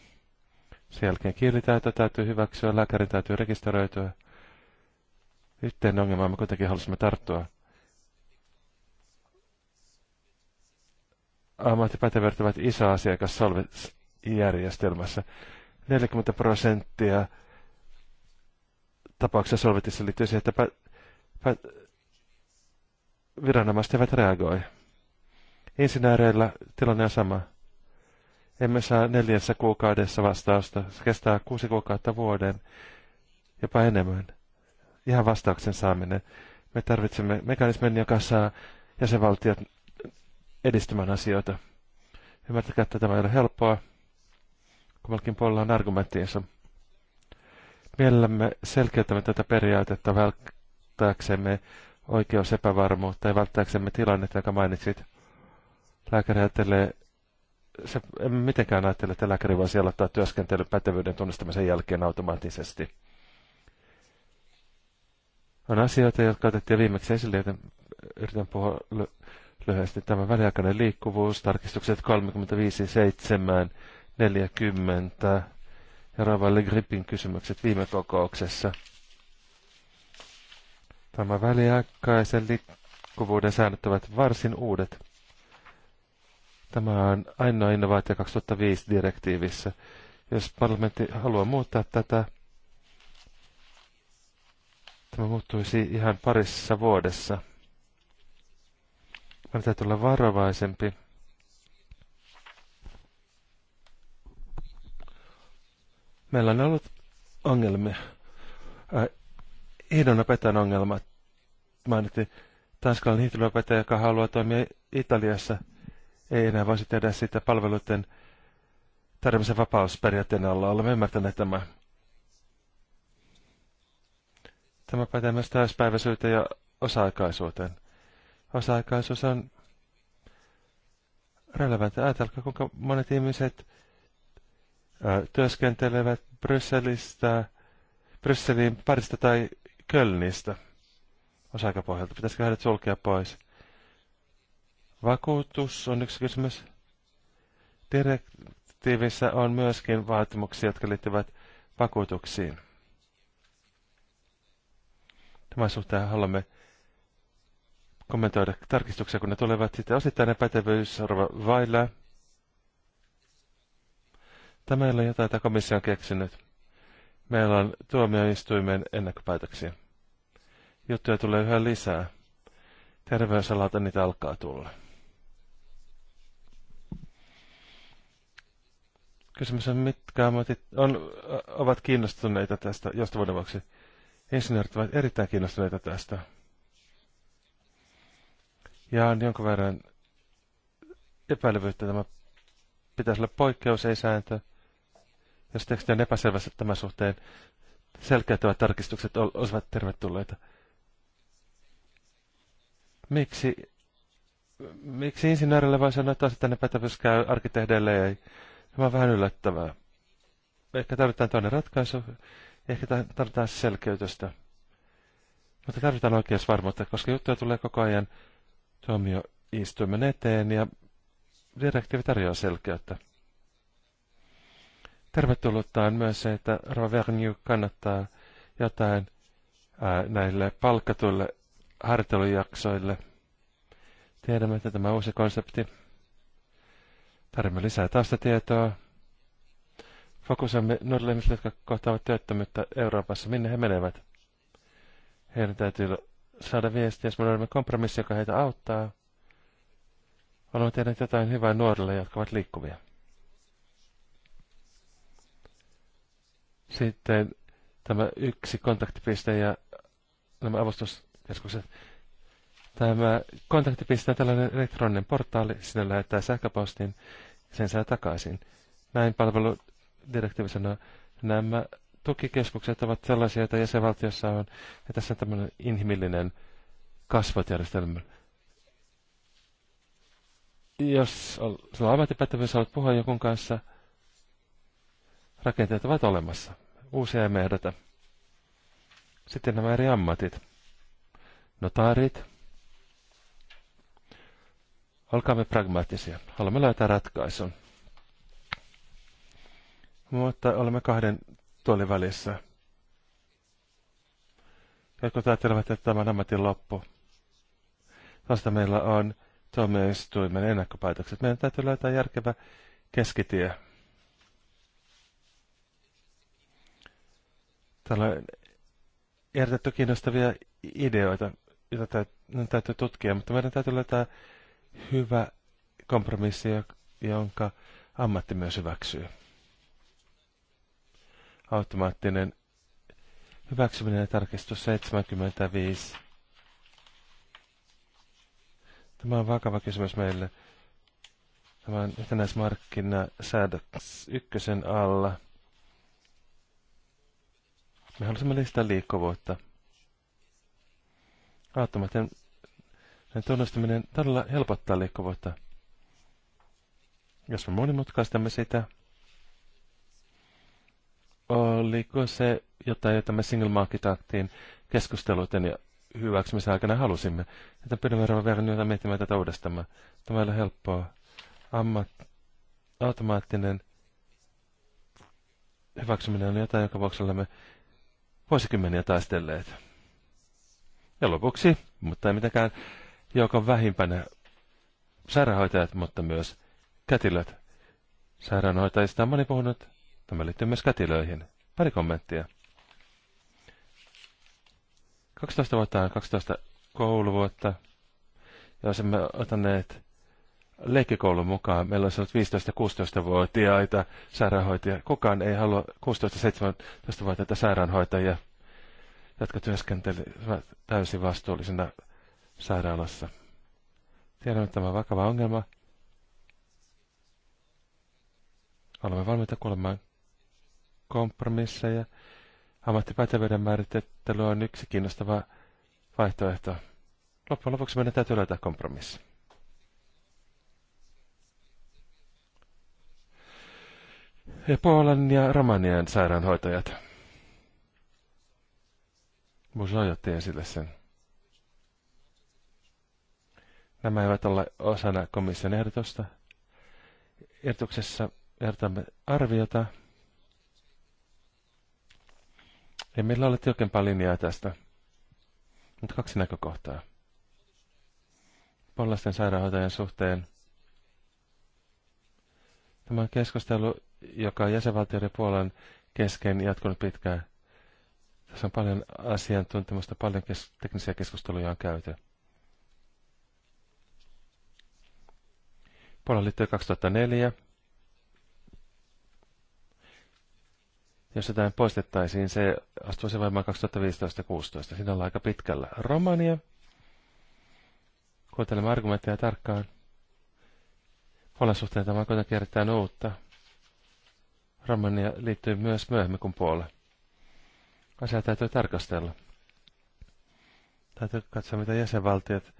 Sen jälkeen kielitaito täytyy hyväksyä, lääkärin täytyy rekisteröityä. Yhteen ongelmaan me kuitenkin halusimme tarttua. Ammattipätevät ovat iso asiakas järjestelmässä. 40 prosenttia tapauksessa solvitissa liittyy siihen, että pä, pä, viranomaiset eivät reagoi. Insinööreillä tilanne on sama. Emme saa neljässä kuukaudessa vastausta. Se kestää kuusi kuukautta vuoden, jopa enemmän. Ihan vastauksen saaminen. Me tarvitsemme mekanismin, joka saa jäsenvaltiot edistämään asioita. Ymmärtäkää, että tämä ei ole helppoa. Kummallakin puolella on argumenttiinsa. Mielellämme selkeytämme tätä periaatetta välttääksemme oikeusepävarmuutta ja välttääksemme tilannetta, joka mainitsit. Lääkäri ajattelee, se, en mitenkään ajattele, että lääkäri voi siellä ottaa työskentely pätevyyden tunnistamisen jälkeen automaattisesti. On asioita, jotka otettiin viimeksi esille, joten yritän puhua lyhyesti. Tämä väliaikainen liikkuvuus, tarkistukset 35, 7, 40 ja Ravalle Gripin kysymykset viime kokouksessa. Tämä väliaikaisen liikkuvuuden säännöt ovat varsin uudet Tämä on ainoa innovaatio 2005 direktiivissä. Jos parlamentti haluaa muuttaa tätä, tämä muuttuisi ihan parissa vuodessa. Meidän täytyy olla varovaisempi. Meillä on ollut ongelmia. Ehdon äh, opettajan ongelma. mainittiin. Tanskalainen hiihtolyopettaja, joka haluaa toimia Italiassa – ei enää voisi tehdä sitä palveluiden tarjoamisen vapausperiaatteen alla. Olemme ymmärtäneet tämä. Tämä pätee myös täyspäiväisyyteen ja osa-aikaisuuteen. Osa-aikaisuus on relevantti. Ajatelkaa, kuinka monet ihmiset työskentelevät Brysselistä, Brysselin parista tai Kölnistä osa-aikapohjalta. Pitäisikö heidät sulkea pois? Vakuutus on yksi kysymys. Direktiivissä on myöskin vaatimuksia, jotka liittyvät vakuutuksiin. Tämän suhteen haluamme kommentoida tarkistuksia, kun ne tulevat. Sitten osittain pätevyys vailla. Tämä ei ole jotain, jota komissio on keksinyt. Meillä on tuomioistuimen ennakkopäätöksiä. Juttuja tulee yhä lisää. Terveysalalta niitä alkaa tulla. Kysymys on, mitkä ammatit on, ovat kiinnostuneita tästä vuoden vuoksi. Insinöörit ovat erittäin kiinnostuneita tästä. Ja on jonkun verran epäilyvyyttä. Tämä pitäisi olla poikkeus, ei sääntö. Jos teksti on epäselvässä tämän suhteen, selkeyttävät tarkistukset olisivat tervetulleita. Miksi, miksi insinöörille voi sanoa että ne pätevyys käy arkkitehdeille ei? Tämä on vähän yllättävää. Ehkä tarvitaan toinen ratkaisu, ehkä tarvitaan selkeytystä. Mutta tarvitaan oikeassa varmuutta, koska juttuja tulee koko ajan tuomioistuimen eteen ja direktiivi tarjoaa selkeyttä. Tervetullutta on myös se, että Ravernew kannattaa jotain ää, näille palkkatuille harjoittelujaksoille. Tiedämme, että tämä uusi konsepti Tarvitsemme lisää taustatietoa. Fokusamme nuorille ihmisille, jotka kohtaavat työttömyyttä Euroopassa. Minne he menevät? Heidän täytyy saada viestiä, jos me löydämme kompromissi, joka heitä auttaa. Haluamme tehdä jotain hyvää nuorille, jotka ovat liikkuvia. Sitten tämä yksi kontaktipiste ja nämä avustuskeskukset. Tämä kontaktipiste on tällainen elektroninen portaali, sinne lähettää sähköpostin sen saa takaisin. Näin palveludirektiivi sanoo, nämä tukikeskukset ovat sellaisia, että jäsenvaltiossa on, ja tässä on tämmöinen inhimillinen kasvatjärjestelmä. Jos on, sulla on ammattipätevyys, haluat puhua jonkun kanssa, rakenteet ovat olemassa. Uusia emme ehdota. Sitten nämä eri ammatit. Notaarit, Olkaamme pragmaattisia. Haluamme löytää ratkaisun. Mutta olemme kahden tuolin välissä. Jotkut ajattelevat, että tämä on ammatin loppu. Vasta meillä on tuomioistuimen ennakkopäätökset. Meidän täytyy löytää järkevä keskitie. Täällä on järjestetty kiinnostavia ideoita, joita täytyy tutkia, mutta meidän täytyy löytää hyvä kompromissi, jonka ammatti myös hyväksyy. Automaattinen hyväksyminen ja tarkistus 75. Tämä on vakava kysymys meille. Tämä on yhtenäismarkkinasäädöks ykkösen alla. Me halusimme lisätä liikkuvuutta. Automaattinen sen tunnustaminen todella helpottaa liikkuvuutta. Jos me monimutkaistamme sitä, oliko se jotain, jota me single marketattiin keskusteluiden ja hyväksymisen aikana halusimme. Että pidämme jota miettimään tätä uudestaan. Tämä on helppoa. Ammat, automaattinen hyväksyminen on jotain, jonka vuoksi olemme vuosikymmeniä taistelleet. Ja lopuksi, mutta ei mitenkään joka vähimpänä sairaanhoitajat, mutta myös kätilöt. Sairaanhoitajista on moni puhunut. Tämä liittyy myös kätilöihin. Pari kommenttia. 12 vuotta on 12 kouluvuotta. Ja olisimme ottaneet leikkikoulun mukaan. Meillä olisi ollut 15-16-vuotiaita sairaanhoitajia. Kukaan ei halua 16-17-vuotiaita sairaanhoitajia, jotka työskentelevät täysin vastuullisena sairaalassa. Tiedämme, että tämä on vakava ongelma. Olemme valmiita kuulemaan kompromisseja. Ammattipätevyyden määrittely on yksi kiinnostava vaihtoehto. Loppujen lopuksi meidän täytyy löytää kompromissi. Ja Puolan ja Romanian sairaanhoitajat. Musa otti esille sen. Nämä eivät ole osana komission ehdotusta. Ehdotuksessa ehdotamme arviota. Ei meillä ole tiukempaa linjaa tästä, mutta kaksi näkökohtaa. Pollasten sairaanhoitajan suhteen tämä on keskustelu, joka on jäsenvaltioiden puolen kesken jatkunut pitkään. Tässä on paljon asiantuntemusta, paljon kes- teknisiä keskusteluja on käyty. Puola liittyy 2004, jos jotain poistettaisiin, se astuisi voimaan 2015-2016. Siinä ollaan aika pitkällä. Romania. Kuuntelemme argumentteja tarkkaan. Puolen suhteen tämä on kuitenkin erittäin uutta. Romania liittyy myös myöhemmin kuin Puola. Asiaa täytyy tarkastella. Täytyy katsoa, mitä jäsenvaltiot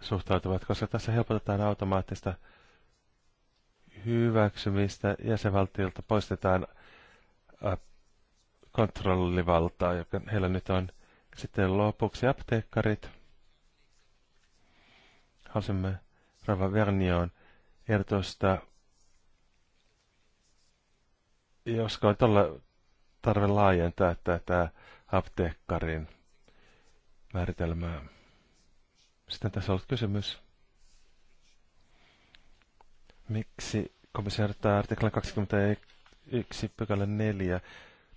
suhtautuvat, koska tässä helpotetaan automaattista hyväksymistä, jäsenvaltiolta poistetaan äh, kontrollivaltaa, joka heillä nyt on. Sitten lopuksi apteekkarit. Halusimme Rava Vernion ehdotusta, josko on tuolla tarve laajentaa tätä apteekkarin määritelmää. Sitten tässä on ollut kysymys. Miksi komissio ehdottaa artiklan 21 pykälä 4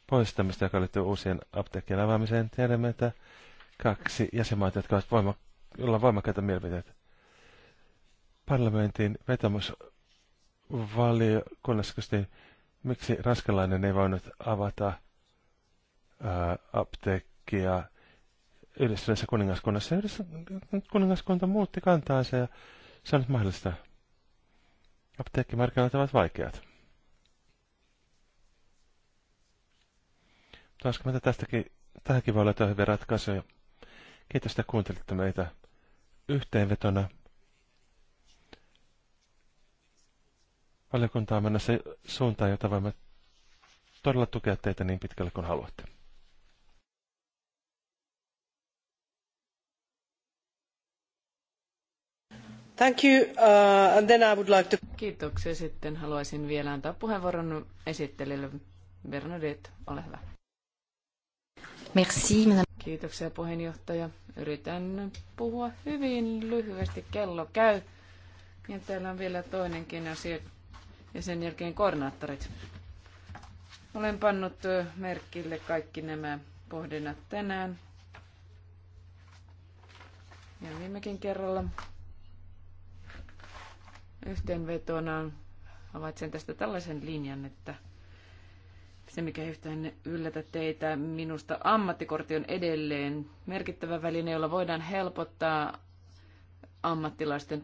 poistamista, joka liittyy uusien apteekkien avaamiseen? Tiedämme, että kaksi jäsenmaata, jotka ovat voima, jolla on voimakkaita mielipiteitä. Parlamentin vetomus valiokunnassa kysyttiin, miksi raskalainen ei voinut avata ää, apteekkia yhdistyneessä kuningaskunnassa. Yhdessä kuningaskunta muutti kantaansa ja se on nyt mahdollista. Apteekkimarkkinat ovat vaikeat. Toivottavasti meitä tästäkin, tähänkin voi löytää hyviä ratkaisuja. Kiitos, että kuuntelitte meitä yhteenvetona. Valiokunta on menossa suuntaan, jota voimme todella tukea teitä niin pitkälle kuin haluatte. Thank you. Uh, and then I would like to... Kiitoksia. Sitten haluaisin vielä antaa puheenvuoron esittelijälle. Bernadette, ole hyvä. Merci, madame. Kiitoksia puheenjohtaja. Yritän puhua hyvin lyhyesti. Kello käy. Ja täällä on vielä toinenkin asia ja sen jälkeen koordinaattorit. Olen pannut merkille kaikki nämä pohdinnat tänään ja viimekin kerralla yhteenvetonaan havaitsen tästä tällaisen linjan, että se, mikä yhtään yllätä teitä, minusta ammattikortti on edelleen merkittävä väline, jolla voidaan helpottaa ammattilaisten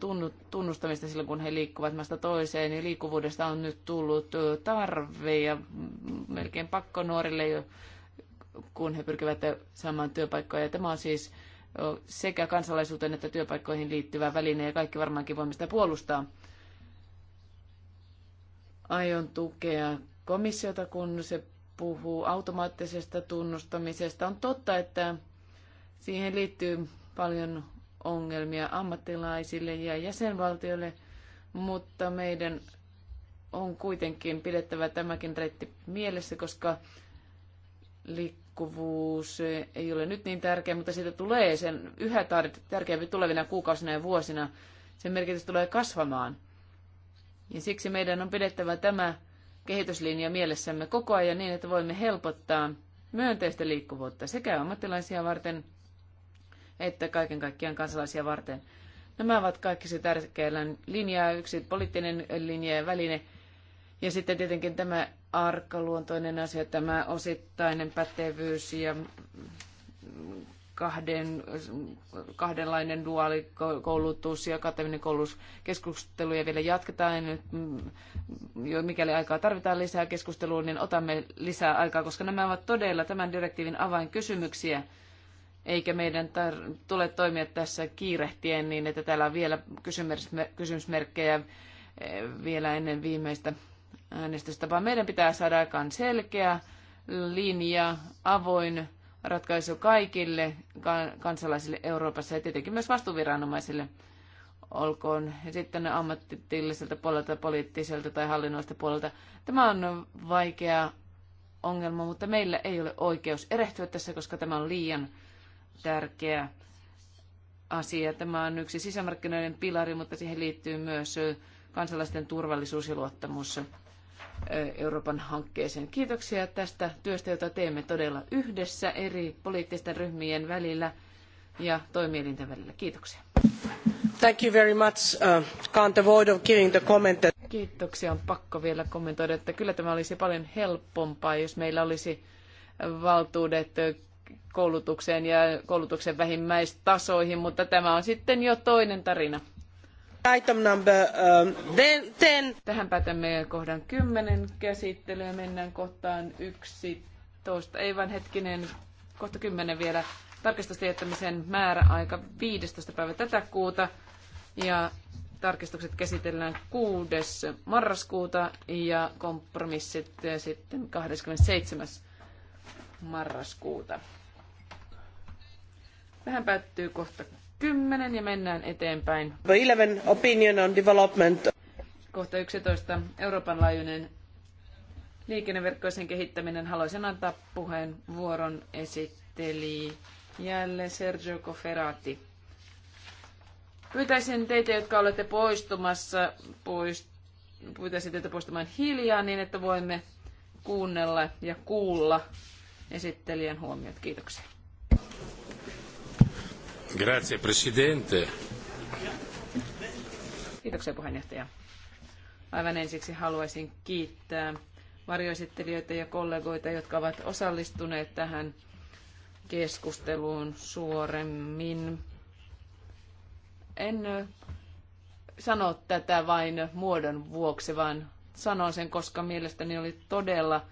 tunnustamista silloin, kun he liikkuvat maasta toiseen. Ja liikkuvuudesta on nyt tullut tarve ja melkein pakko nuorille, jo, kun he pyrkivät saamaan työpaikkoja. Ja tämä on siis sekä kansalaisuuteen että työpaikkoihin liittyvä väline ja kaikki varmaankin voimme sitä puolustaa. Aion tukea komissiota, kun se puhuu automaattisesta tunnustamisesta. On totta, että siihen liittyy paljon ongelmia ammattilaisille ja jäsenvaltioille, mutta meidän on kuitenkin pidettävä tämäkin reitti mielessä, koska liikkuvuus ei ole nyt niin tärkeä, mutta siitä tulee sen yhä tärkeämpi tulevina kuukausina ja vuosina. Sen merkitys tulee kasvamaan. Ja siksi meidän on pidettävä tämä kehityslinja mielessämme koko ajan niin, että voimme helpottaa myönteistä liikkuvuutta sekä ammattilaisia varten että kaiken kaikkiaan kansalaisia varten. Nämä ovat kaikki se tärkeä linja, yksi poliittinen linja ja väline. Ja sitten tietenkin tämä arkaluontoinen asia, tämä osittainen pätevyys ja kahden, kahdenlainen duaalikoulutus ja akateeminen koulutus. Keskusteluja vielä jatketaan. Nyt, mm, jo mikäli aikaa tarvitaan lisää keskustelua, niin otamme lisää aikaa, koska nämä ovat todella tämän direktiivin avainkysymyksiä. Eikä meidän tar- tule toimia tässä kiirehtien niin, että täällä on vielä kysymysmerkkejä eh, vielä ennen viimeistä äänestystä, vaan meidän pitää saada aikaan selkeä linja, avoin ratkaisu kaikille kansalaisille Euroopassa ja tietenkin myös vastuuviranomaisille, olkoon sitten ammattitilliseltä puolelta, poliittiselta tai hallinnoista puolelta. Tämä on vaikea ongelma, mutta meillä ei ole oikeus erehtyä tässä, koska tämä on liian tärkeä asia. Tämä on yksi sisämarkkinoiden pilari, mutta siihen liittyy myös kansalaisten turvallisuus ja luottamus. Euroopan hankkeeseen. Kiitoksia tästä työstä, jota teemme todella yhdessä eri poliittisten ryhmien välillä ja toimielinten välillä. Kiitoksia. Thank you very much. Uh, can't avoid of giving the comment that... Kiitoksia. On pakko vielä kommentoida, että kyllä tämä olisi paljon helpompaa, jos meillä olisi valtuudet koulutukseen ja koulutuksen vähimmäistasoihin, mutta tämä on sitten jo toinen tarina. Item number, um, then, then. Tähän päätämme kohdan 10 käsittelyä. Mennään kohtaan 11. Ei vaan hetkinen, kohta 10 vielä. Tarkistusten jättämisen määräaika 15. päivä tätä kuuta. Ja tarkistukset käsitellään 6. marraskuuta ja kompromissit sitten 27. marraskuuta. Tähän päättyy kohta 10 ja mennään eteenpäin. 11 opinion on development. Kohta 11. Euroopan laajuinen liikenneverkkoisen kehittäminen. Haluaisin antaa puheen vuoron esitteli jälleen Sergio Coferati. Pyytäisin teitä, jotka olette poistumassa, poist, pyytäisin teitä poistumaan hiljaa niin, että voimme kuunnella ja kuulla esittelijän huomiot. Kiitoksia. Grazie, presidente. Kiitoksia puheenjohtaja. Aivan ensiksi haluaisin kiittää varjoesittelijöitä ja kollegoita, jotka ovat osallistuneet tähän keskusteluun suoremmin. En sano tätä vain muodon vuoksi, vaan sanon sen, koska mielestäni oli todella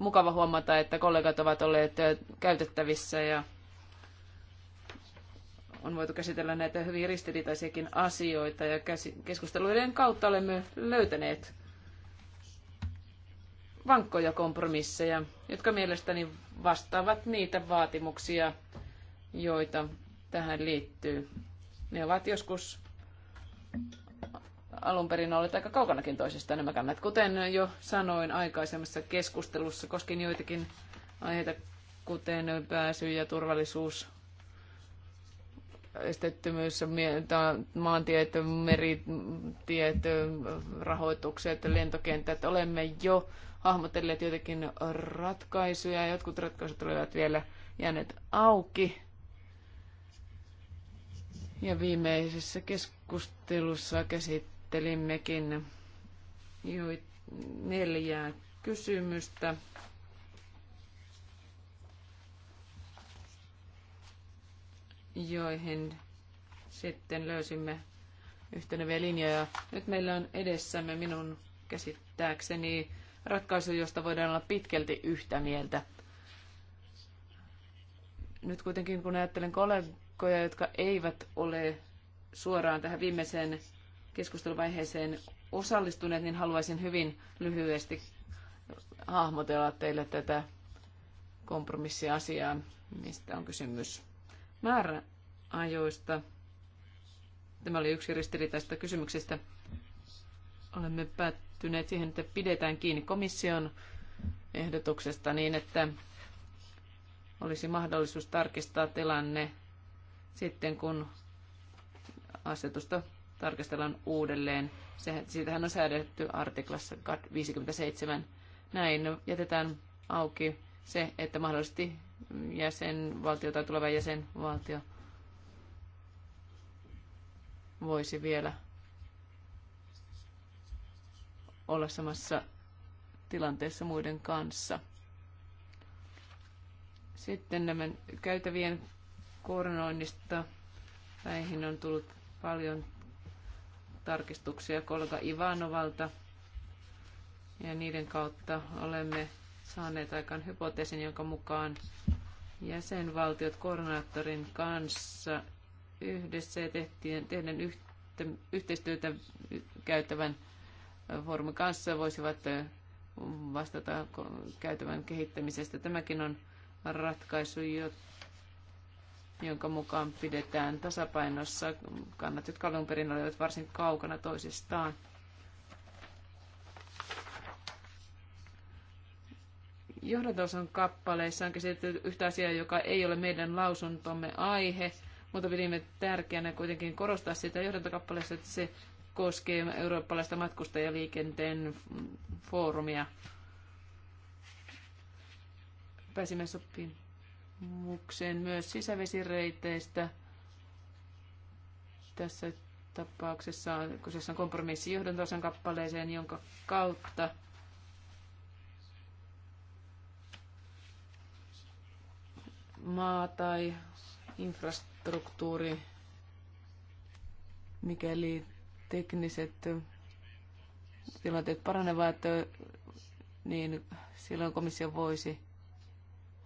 mukava huomata, että kollegat ovat olleet käytettävissä ja on voitu käsitellä näitä hyvin ristiriitaisiakin asioita ja keskusteluiden kautta olemme löytäneet vankkoja kompromisseja, jotka mielestäni vastaavat niitä vaatimuksia, joita tähän liittyy. Ne ovat joskus alun perin olleet aika kaukanakin toisistaan nämä kannat. Kuten jo sanoin aikaisemmassa keskustelussa, koskin joitakin aiheita, kuten pääsy ja turvallisuus, estettömyys, maantiet, meritiet, rahoitukset, lentokentät. Olemme jo hahmotelleet joitakin ratkaisuja. Jotkut ratkaisut olivat vielä jääneet auki. Ja viimeisessä keskustelussa käsit käsittelimmekin neljää kysymystä. joihin sitten löysimme yhteneviä linjoja. Nyt meillä on edessämme minun käsittääkseni ratkaisu, josta voidaan olla pitkälti yhtä mieltä. Nyt kuitenkin kun ajattelen kollegoja, jotka eivät ole suoraan tähän viimeiseen keskusteluvaiheeseen osallistuneet, niin haluaisin hyvin lyhyesti hahmotella teille tätä kompromissiasiaa, mistä on kysymys määräajoista. Tämä oli yksi ristiriitaista kysymyksistä. Olemme päättyneet siihen, että pidetään kiinni komission ehdotuksesta niin, että olisi mahdollisuus tarkistaa tilanne sitten, kun asetusta tarkastellaan uudelleen. Se, siitähän on säädetty artiklassa 57. Näin jätetään auki se, että mahdollisesti jäsenvaltio tai tuleva jäsenvaltio voisi vielä olla samassa tilanteessa muiden kanssa. Sitten nämä käytävien koordinoinnista. Näihin on tullut paljon tarkistuksia kollega Ivanovalta. Ja niiden kautta olemme saaneet aikaan hypoteesin, jonka mukaan jäsenvaltiot koordinaattorin kanssa yhdessä ja tehtiin, tehden yhte, yhteistyötä käyttävän foorumin kanssa voisivat vastata käytävän kehittämisestä. Tämäkin on ratkaisu, jota jonka mukaan pidetään tasapainossa kannat, jotka alun perin olivat varsin kaukana toisistaan. Johdatonson kappaleissa on käsitelty yhtä asiaa, joka ei ole meidän lausuntomme aihe, mutta pidimme tärkeänä kuitenkin korostaa sitä johdantokappaleessa, että se koskee eurooppalaista matkustajaliikenteen foorumia. Pääsimme sopimaan tutkimukseen myös sisävesireiteistä. Tässä tapauksessa kyseessä on kompromissi johdontosan kappaleeseen, jonka kautta maa tai infrastruktuuri, mikäli tekniset tilanteet paranevat, niin silloin komissio voisi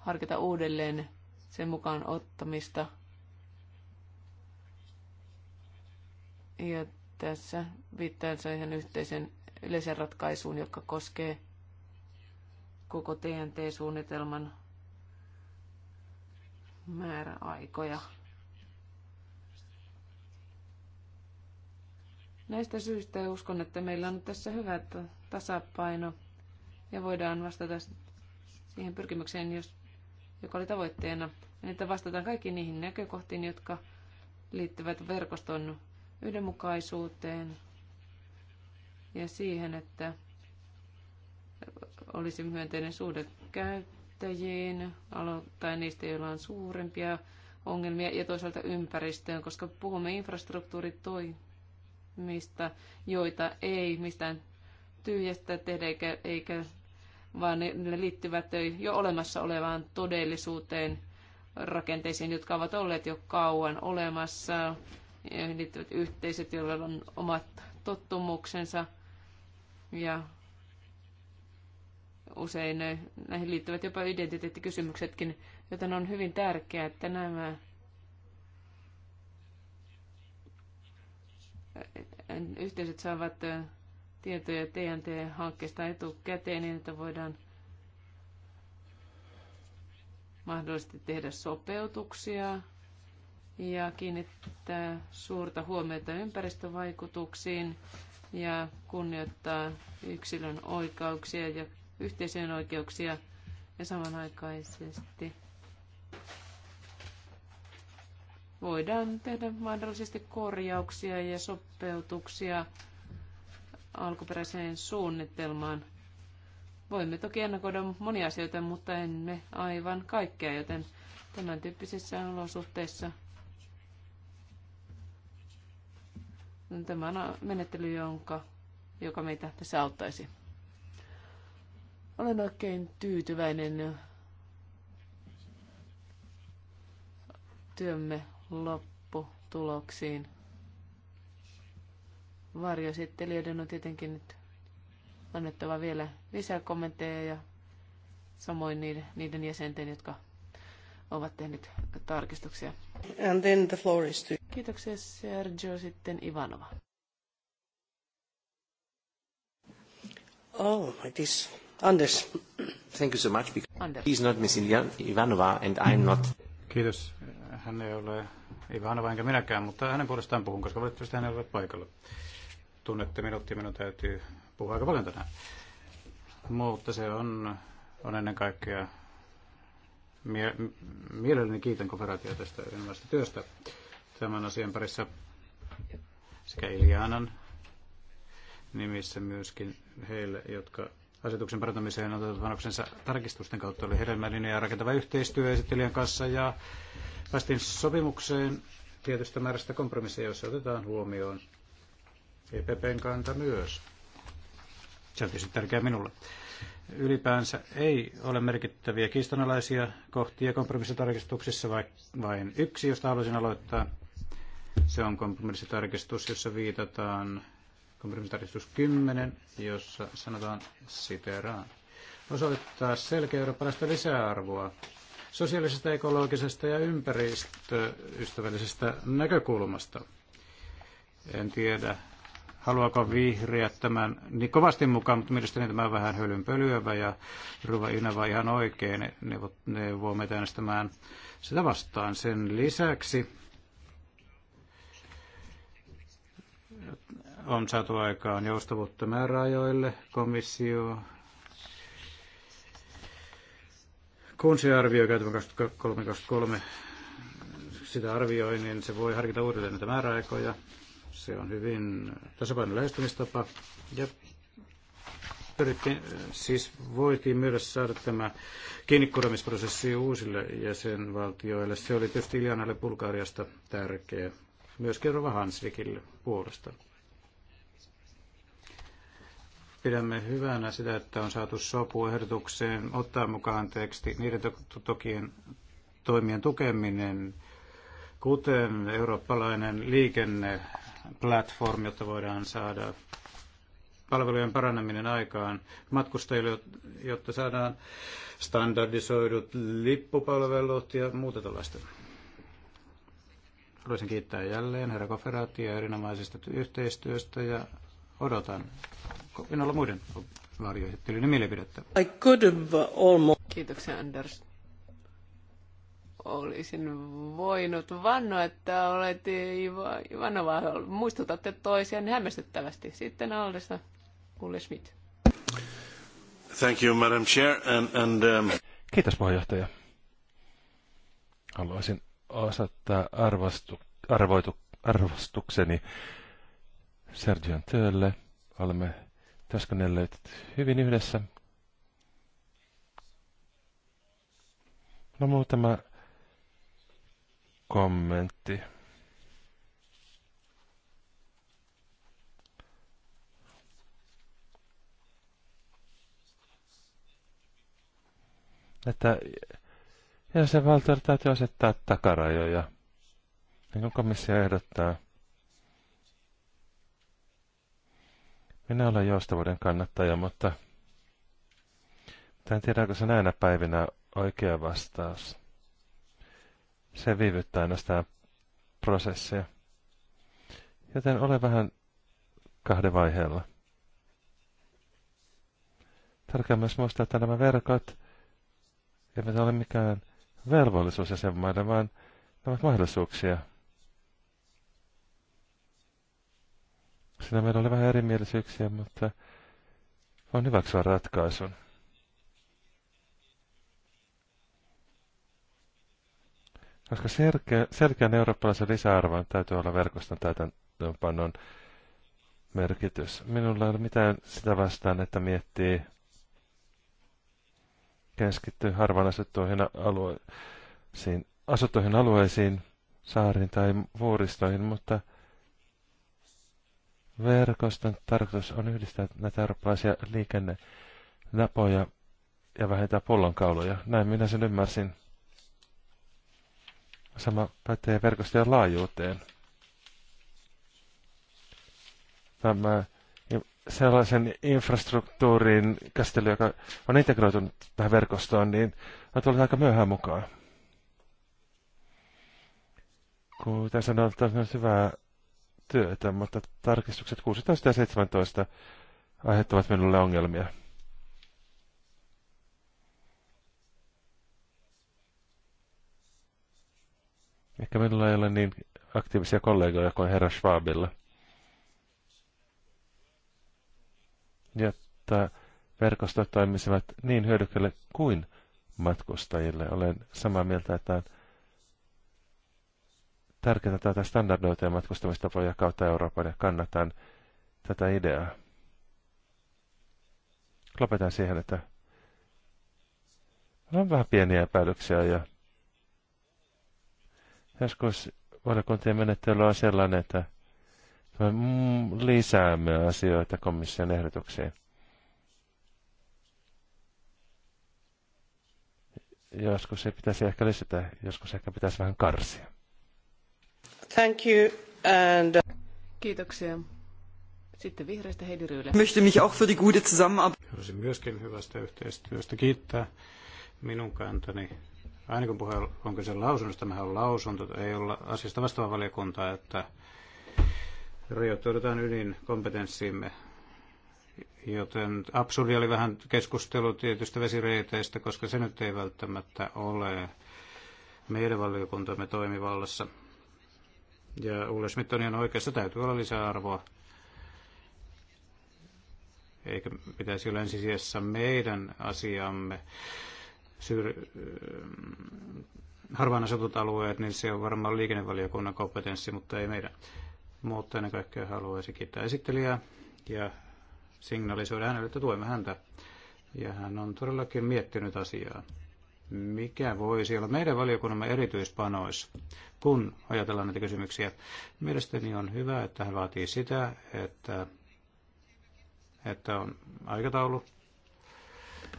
harkita uudelleen sen mukaan ottamista. Ja tässä viittaan ihan yhteisen yleisen ratkaisuun, joka koskee koko TNT-suunnitelman määräaikoja. Näistä syistä uskon, että meillä on tässä hyvä tasapaino ja voidaan vastata siihen pyrkimykseen, jos joka oli tavoitteena, että vastataan kaikkiin niihin näkökohtiin, jotka liittyvät verkoston yhdenmukaisuuteen ja siihen, että olisi myönteinen suhde käyttäjiin, tai niistä, joilla on suurempia ongelmia, ja toisaalta ympäristöön, koska puhumme infrastruktuuritoimista, joita ei mistään tyhjästä tehdä eikä, eikä vaan ne, ne liittyvät jo olemassa olevaan todellisuuteen, rakenteisiin, jotka ovat olleet jo kauan olemassa, joihin liittyvät yhteisöt, joilla on omat tottumuksensa ja usein näihin liittyvät jopa identiteettikysymyksetkin, joten on hyvin tärkeää, että nämä yhteisöt saavat tietoja TNT-hankkeesta etukäteen niin, että voidaan mahdollisesti tehdä sopeutuksia ja kiinnittää suurta huomiota ympäristövaikutuksiin ja kunnioittaa yksilön oikeuksia ja yhteisöjen oikeuksia ja samanaikaisesti voidaan tehdä mahdollisesti korjauksia ja sopeutuksia alkuperäiseen suunnitelmaan. Voimme toki ennakoida monia asioita, mutta emme aivan kaikkea, joten tämän tyyppisissä olosuhteissa tämä on menettely, jonka, joka meitä tässä auttaisi. Olen oikein tyytyväinen työmme lopputuloksiin varjoesittelijöiden on tietenkin nyt annettava vielä lisää kommentteja ja samoin niiden, niiden jäsenten, jotka ovat tehneet tarkistuksia. And then the floor is to... Kiitoksia Sergio, sitten Ivanova. Oh, it is Anders. Thank you so much. Because Anders. He's not Miss Ivanova and I'm not. Kiitos. Hän ei ole Ivanova enkä minäkään, mutta hänen puolestaan puhun, koska valitettavasti hän ei ole paikalla tunnette minut ja minun täytyy puhua aika paljon tänään. Mutta se on, on ennen kaikkea mie- mielelläni kiitän konferaatio tästä erinomaisesta työstä tämän asian parissa sekä Ilianan nimissä myöskin heille, jotka asetuksen parantamiseen otetut vanhuksensa tarkistusten kautta oli hedelmällinen ja rakentava yhteistyö esittelijän kanssa ja päästiin sopimukseen tietystä määrästä kompromisseja, joissa otetaan huomioon EPPn kanta myös. Se on tietysti tärkeää minulle. Ylipäänsä ei ole merkittäviä kiistanalaisia kohtia kompromissitarkistuksissa, vain yksi, josta haluaisin aloittaa. Se on kompromissitarkistus, jossa viitataan kompromissitarkistus 10, jossa sanotaan siteraan. Osoittaa selkeä eurooppalaista lisäarvoa sosiaalisesta, ekologisesta ja ympäristöystävällisestä näkökulmasta. En tiedä, haluaako vihreät tämän niin kovasti mukaan, mutta mielestäni tämä on vähän hölynpölyävä ja Ruva inävä ihan oikein neuvoo meitä äänestämään sitä vastaan. Sen lisäksi on saatu aikaan joustavuutta määräajoille komissio kun se arvioi käytävän 2023 sitä arvioi, niin se voi harkita uudelleen näitä määräaikoja se on hyvin tasapainoinen lähestymistapa ja pyrittiin, siis voitiin myös saada tämä kiinnikuramisprosessi uusille jäsenvaltioille. Se oli tietysti Iljanalle Bulgariasta tärkeä, myös Rova Hanslikille puolesta. Pidämme hyvänä sitä, että on saatu sopu ehdotukseen ottaa mukaan teksti niiden to- tokien toimien tukeminen, kuten eurooppalainen liikenne platform, jotta voidaan saada palvelujen paranneminen aikaan matkustajille, jotta saadaan standardisoidut lippupalvelut ja muuta tällaista. Haluaisin kiittää jälleen herra Koferaattia erinomaisesta yhteistyöstä ja odotan kovin olla muiden varjoesittelyiden mielipidettä. Kiitoksia Anders olisin voinut vannoa, että olet Iva, Ivanova. Muistutatte toisiaan hämmästyttävästi. Sitten Aldessa Ulle Schmidt. Thank you, Madam Chair. And, and, um... Kiitos puheenjohtaja. Haluaisin osoittaa arvostu, arvoitu, arvostukseni Sergio työlle. Olemme työskennelleet hyvin yhdessä. No muutama kommentti. Että jäsenvaltioiden täytyy asettaa takarajoja, niin kuin komissio ehdottaa. Minä olen joustavuuden kannattaja, mutta en tiedä, onko se näinä päivinä oikea vastaus. Se viivyttää sitä prosessia. Joten ole vähän kahden vaiheella. Tärkeää myös muistaa, että nämä verkot eivät ole mikään velvollisuus jäsenmaille, vaan ne ovat mahdollisuuksia. Siinä meillä oli vähän erimielisyyksiä, mutta voin hyväksyä ratkaisun. Koska selkeä, selkeän eurooppalaisen lisäarvon täytyy olla verkoston täytäntöönpannon merkitys. Minulla ei ole mitään sitä vastaan, että miettii keskittyy harvaan asuttuihin alueisiin, asuttuihin alueisiin, saariin tai vuoristoihin, mutta verkoston tarkoitus on yhdistää näitä eurooppalaisia liikennenapoja ja vähentää pullonkauloja. Näin minä sen ymmärsin. Sama pätee verkostojen laajuuteen. Tämä sellaisen infrastruktuurin käsittely, joka on integroitunut tähän verkostoon, niin on tullut aika myöhään mukaan. Kuten sanoin, että on hyvää työtä, mutta tarkistukset 16 ja 17 aiheuttavat minulle ongelmia. Ehkä minulla ei ole niin aktiivisia kollegoja kuin herra Schwabilla. Jotta verkostot toimisivat niin hyödykkeille kuin matkustajille. Olen samaa mieltä, että on tärkeää tätä standardoituja matkustamistapoja kautta Euroopan ja kannatan tätä ideaa. Lopetan siihen, että on vähän pieniä epäilyksiä ja Joskus valiokuntien menettely on sellainen, että me mm, lisäämme asioita komission ehdotuksiin. Joskus ei pitäisi ehkä lisätä, joskus ehkä pitäisi vähän karsia. Thank you and... Kiitoksia. Sitten vihreistä Heidi Ryylä. Möchte mich auch für die gute Zusammenarbeit. Haluaisin myöskin hyvästä yhteistyöstä kiittää minun kantani aina kun puhe on kyse lausunnosta, tämähän on lausunto, ei olla asiasta vastaava valiokunta, että rajoittaudutaan ydin kompetenssiimme. Joten absurdi oli vähän keskustelu tietystä vesireiteistä, koska se nyt ei välttämättä ole meidän valiokuntamme toimivallassa. Ja Ulle Schmidt on ihan oikeassa, täytyy olla lisäarvoa. Eikä pitäisi olla ensisijassa meidän asiamme syr- äh, harvaan asutut alueet, niin se on varmaan liikennevaliokunnan kompetenssi, mutta ei meidän. Mutta ennen kaikkea haluaisi kiittää esittelijää ja signalisoida hänelle, että tuemme häntä. Ja hän on todellakin miettinyt asiaa. Mikä voisi olla meidän valiokunnamme erityispanois, kun ajatellaan näitä kysymyksiä? Mielestäni on hyvä, että hän vaatii sitä, että, että on aikataulu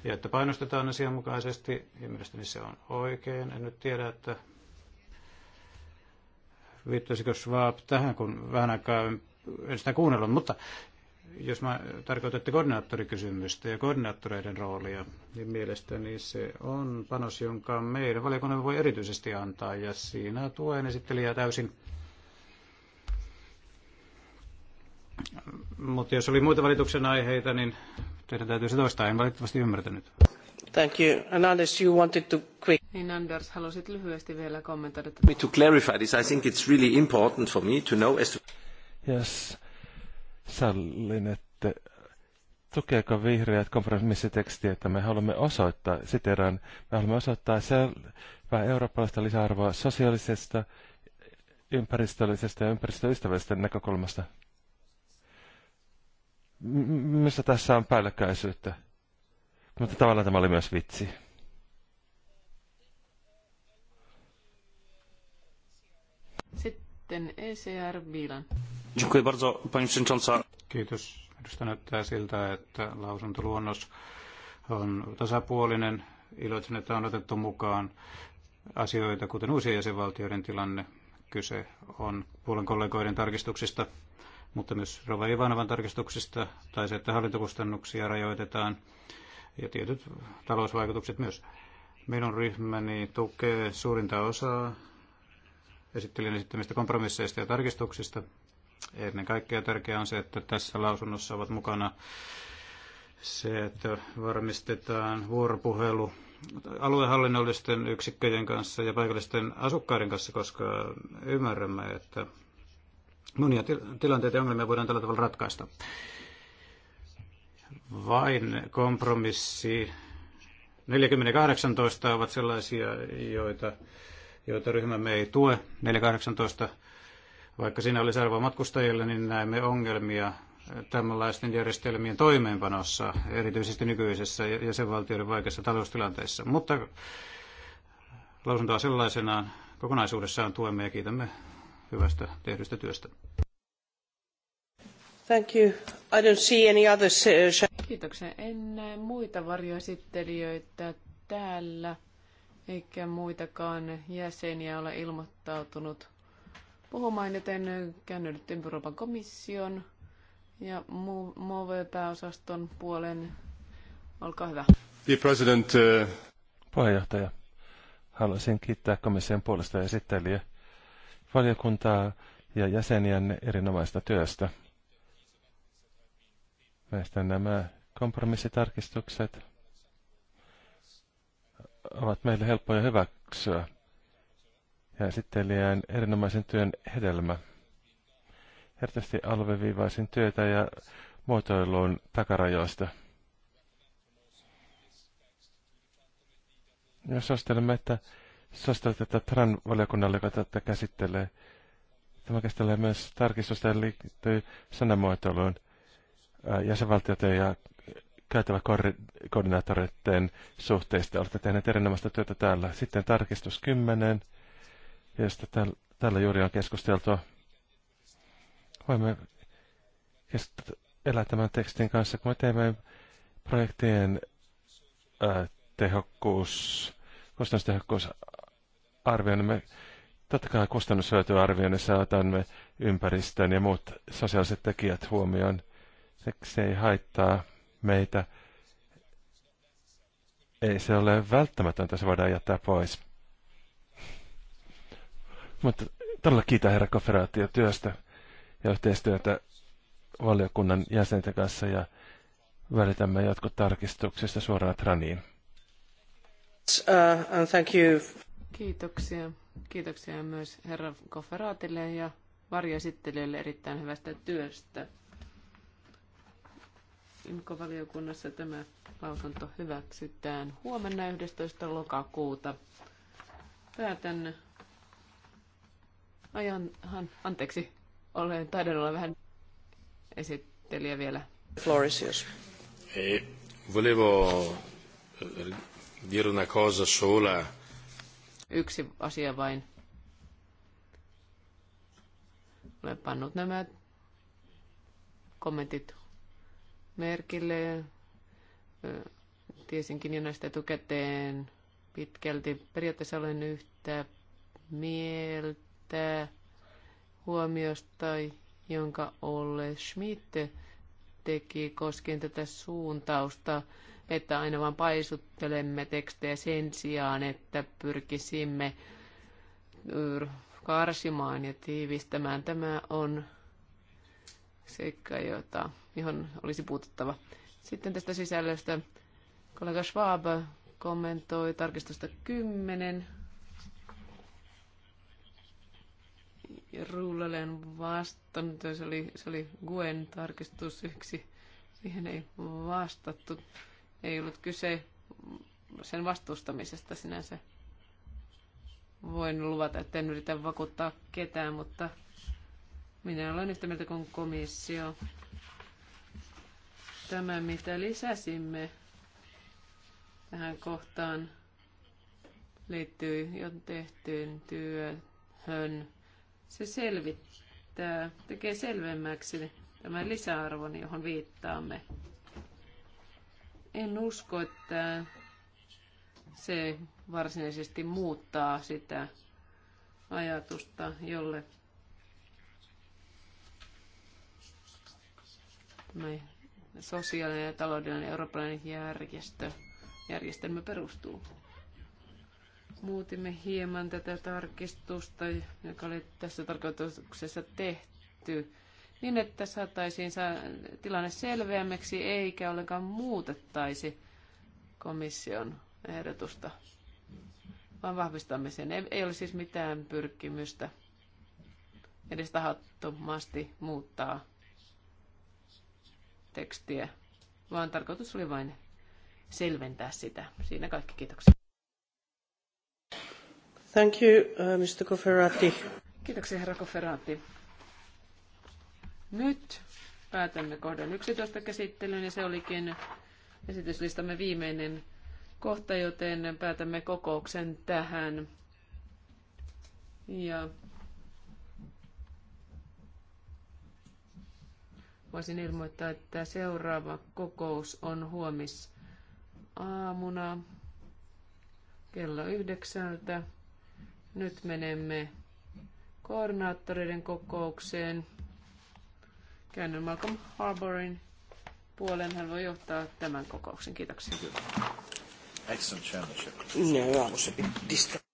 ja että painostetaan asianmukaisesti, ja mielestäni se on oikein. En nyt tiedä, että viittaisiko Schwab tähän, kun vähän aikaa en sitä kuunnellut, mutta jos mä tarkoitatte koordinaattorikysymystä ja koordinaattoreiden roolia, niin mielestäni se on panos, jonka meidän valiokunnan voi erityisesti antaa, ja siinä tuen esittelijä täysin. Mutta jos oli muita valituksen aiheita, niin Teidän täytyy se toistaa, en valitettavasti ymmärtänyt. Thank you. And Anders, you wanted to quick. Niin Anders, halusit lyhyesti vielä kommentoida. Me to clarify this, I think it's really important for me to know as to... Yes. Sallin, että tukeeko vihreät kompromissitekstiä, että me haluamme osoittaa, siteraan, me haluamme osoittaa selvää eurooppalaista lisäarvoa sosiaalisesta, ympäristöllisestä ja ympäristöystävällisestä näkökulmasta. Missä tässä on päällekkäisyyttä? Mutta tavallaan tämä oli myös vitsi. Sitten ECR Bilan. Kiitos. Minusta näyttää siltä, että lausuntoluonnos on tasapuolinen. Iloitsen, että on otettu mukaan asioita, kuten uusien jäsenvaltioiden tilanne. Kyse on puolen kollegoiden tarkistuksista mutta myös Rova Ivanovan tarkistuksista, tai se, että hallintokustannuksia rajoitetaan, ja tietyt talousvaikutukset myös. Minun ryhmäni tukee suurinta osaa esittelijän esittämistä kompromisseista ja tarkistuksista. Ennen kaikkea tärkeää on se, että tässä lausunnossa ovat mukana se, että varmistetaan vuoropuhelu aluehallinnollisten yksikköjen kanssa ja paikallisten asukkaiden kanssa, koska ymmärrämme, että Monia tilanteita ja ongelmia voidaan tällä tavalla ratkaista. Vain kompromissi 4018 ovat sellaisia, joita, joita ryhmämme ei tue. 418, vaikka siinä olisi arvoa matkustajille, niin näemme ongelmia tämänlaisten järjestelmien toimeenpanossa, erityisesti nykyisessä jäsenvaltioiden vaikeassa taloustilanteessa. Mutta lausuntoa sellaisenaan kokonaisuudessaan tuemme ja kiitämme hyvästä tehdystä työstä. Thank you. I don't see any Kiitoksia. En näe muita varjoesittelijöitä täällä, eikä muitakaan jäseniä ole ilmoittautunut puhumaan, joten käännyt Euroopan komission ja MOVE-pääosaston puolen. Olkaa hyvä. Dear President, uh... Puheenjohtaja, haluaisin kiittää komission puolesta esittelijä valiokuntaa ja jäseniänne erinomaista työstä. Meistä nämä kompromissitarkistukset ovat meille helppoja hyväksyä ja esittelijän erinomaisen työn hedelmä. Hertästi alveviivaisin työtä ja muotoiluun takarajoista. Jos ostelemme, että suosittaa tätä TRAN-valiokunnalle, joka tätä käsittelee. Tämä käsittelee myös tarkistusta eli liittyy sanamuotoiluun jäsenvaltioiden ja käytävä koordinaattoreiden suhteista. Olette tehneet erinomaista työtä täällä. Sitten tarkistus 10, josta täällä, juuri on keskusteltu. Voimme elää tämän tekstin kanssa, kun me teemme projektien tehokkuus, kustannustehokkuus arvioimme, totta kai kustannushyötyarvioinnissa otamme ympäristön ja muut sosiaaliset tekijät huomioon. Se ei haittaa meitä. Ei se ole välttämätöntä, se voidaan jättää pois. Mutta todella kiitän herra konferaatio työstä ja yhteistyötä valiokunnan jäsenten kanssa ja välitämme jotkut tarkistuksista suoraan Traniin. Uh, and thank you. Kiitoksia. Kiitoksia myös herra Koferaatille ja varjoesittelijöille erittäin hyvästä työstä. Inkovaliokunnassa tämä lausunto hyväksytään huomenna 11. lokakuuta. Päätän ajan, han, anteeksi, olen taidan olla vähän esittelijä vielä. Florisius. Eh, volevo eh, dire una cosa sola. Yksi asia vain. Olen pannut nämä kommentit merkille. Tiesinkin jo näistä etukäteen pitkälti. Periaatteessa olen yhtä mieltä huomiosta, jonka Olle Schmidt teki koskien tätä suuntausta että aina vain paisuttelemme tekstejä sen sijaan, että pyrkisimme karsimaan ja tiivistämään. Tämä on seikka, jota, johon olisi puututtava. Sitten tästä sisällöstä kollega Schwab kommentoi tarkistusta 10. Ruulelen vastannut, se oli, se oli Gwen tarkistus yksi. Siihen ei vastattu. Ei ollut kyse sen vastustamisesta sinänsä. Voin luvata, että en yritä vakuuttaa ketään, mutta minä olen yhtä mieltä kuin komissio. Tämä, mitä lisäsimme tähän kohtaan, liittyy jo tehtyyn työhön. Se selvittää, tekee selvemmäksi tämän lisäarvon, johon viittaamme. En usko, että se varsinaisesti muuttaa sitä ajatusta, jolle tämä sosiaalinen ja taloudellinen eurooppalainen järjestö, järjestelmä perustuu. Muutimme hieman tätä tarkistusta, joka oli tässä tarkoituksessa tehty niin, että saataisiin tilanne selveämmäksi eikä ollenkaan muutettaisi komission ehdotusta, vaan vahvistamme sen. Ei, ei ole siis mitään pyrkimystä edes tahattomasti muuttaa tekstiä, vaan tarkoitus oli vain selventää sitä. Siinä kaikki, kiitoksia. Thank you, uh, Mr. Kofferati. Kiitoksia, herra Kofferati. Nyt päätämme kohdan 11 käsittelyyn ja se olikin esityslistamme viimeinen kohta, joten päätämme kokouksen tähän. Ja voisin ilmoittaa, että seuraava kokous on huomis aamuna kello yhdeksältä. Nyt menemme koordinaattoreiden kokoukseen. Käännyn Malcolm Harbourin puolen. Hän voi johtaa tämän kokouksen. Kiitoksia. Excellent chairmanship. No, I se pitää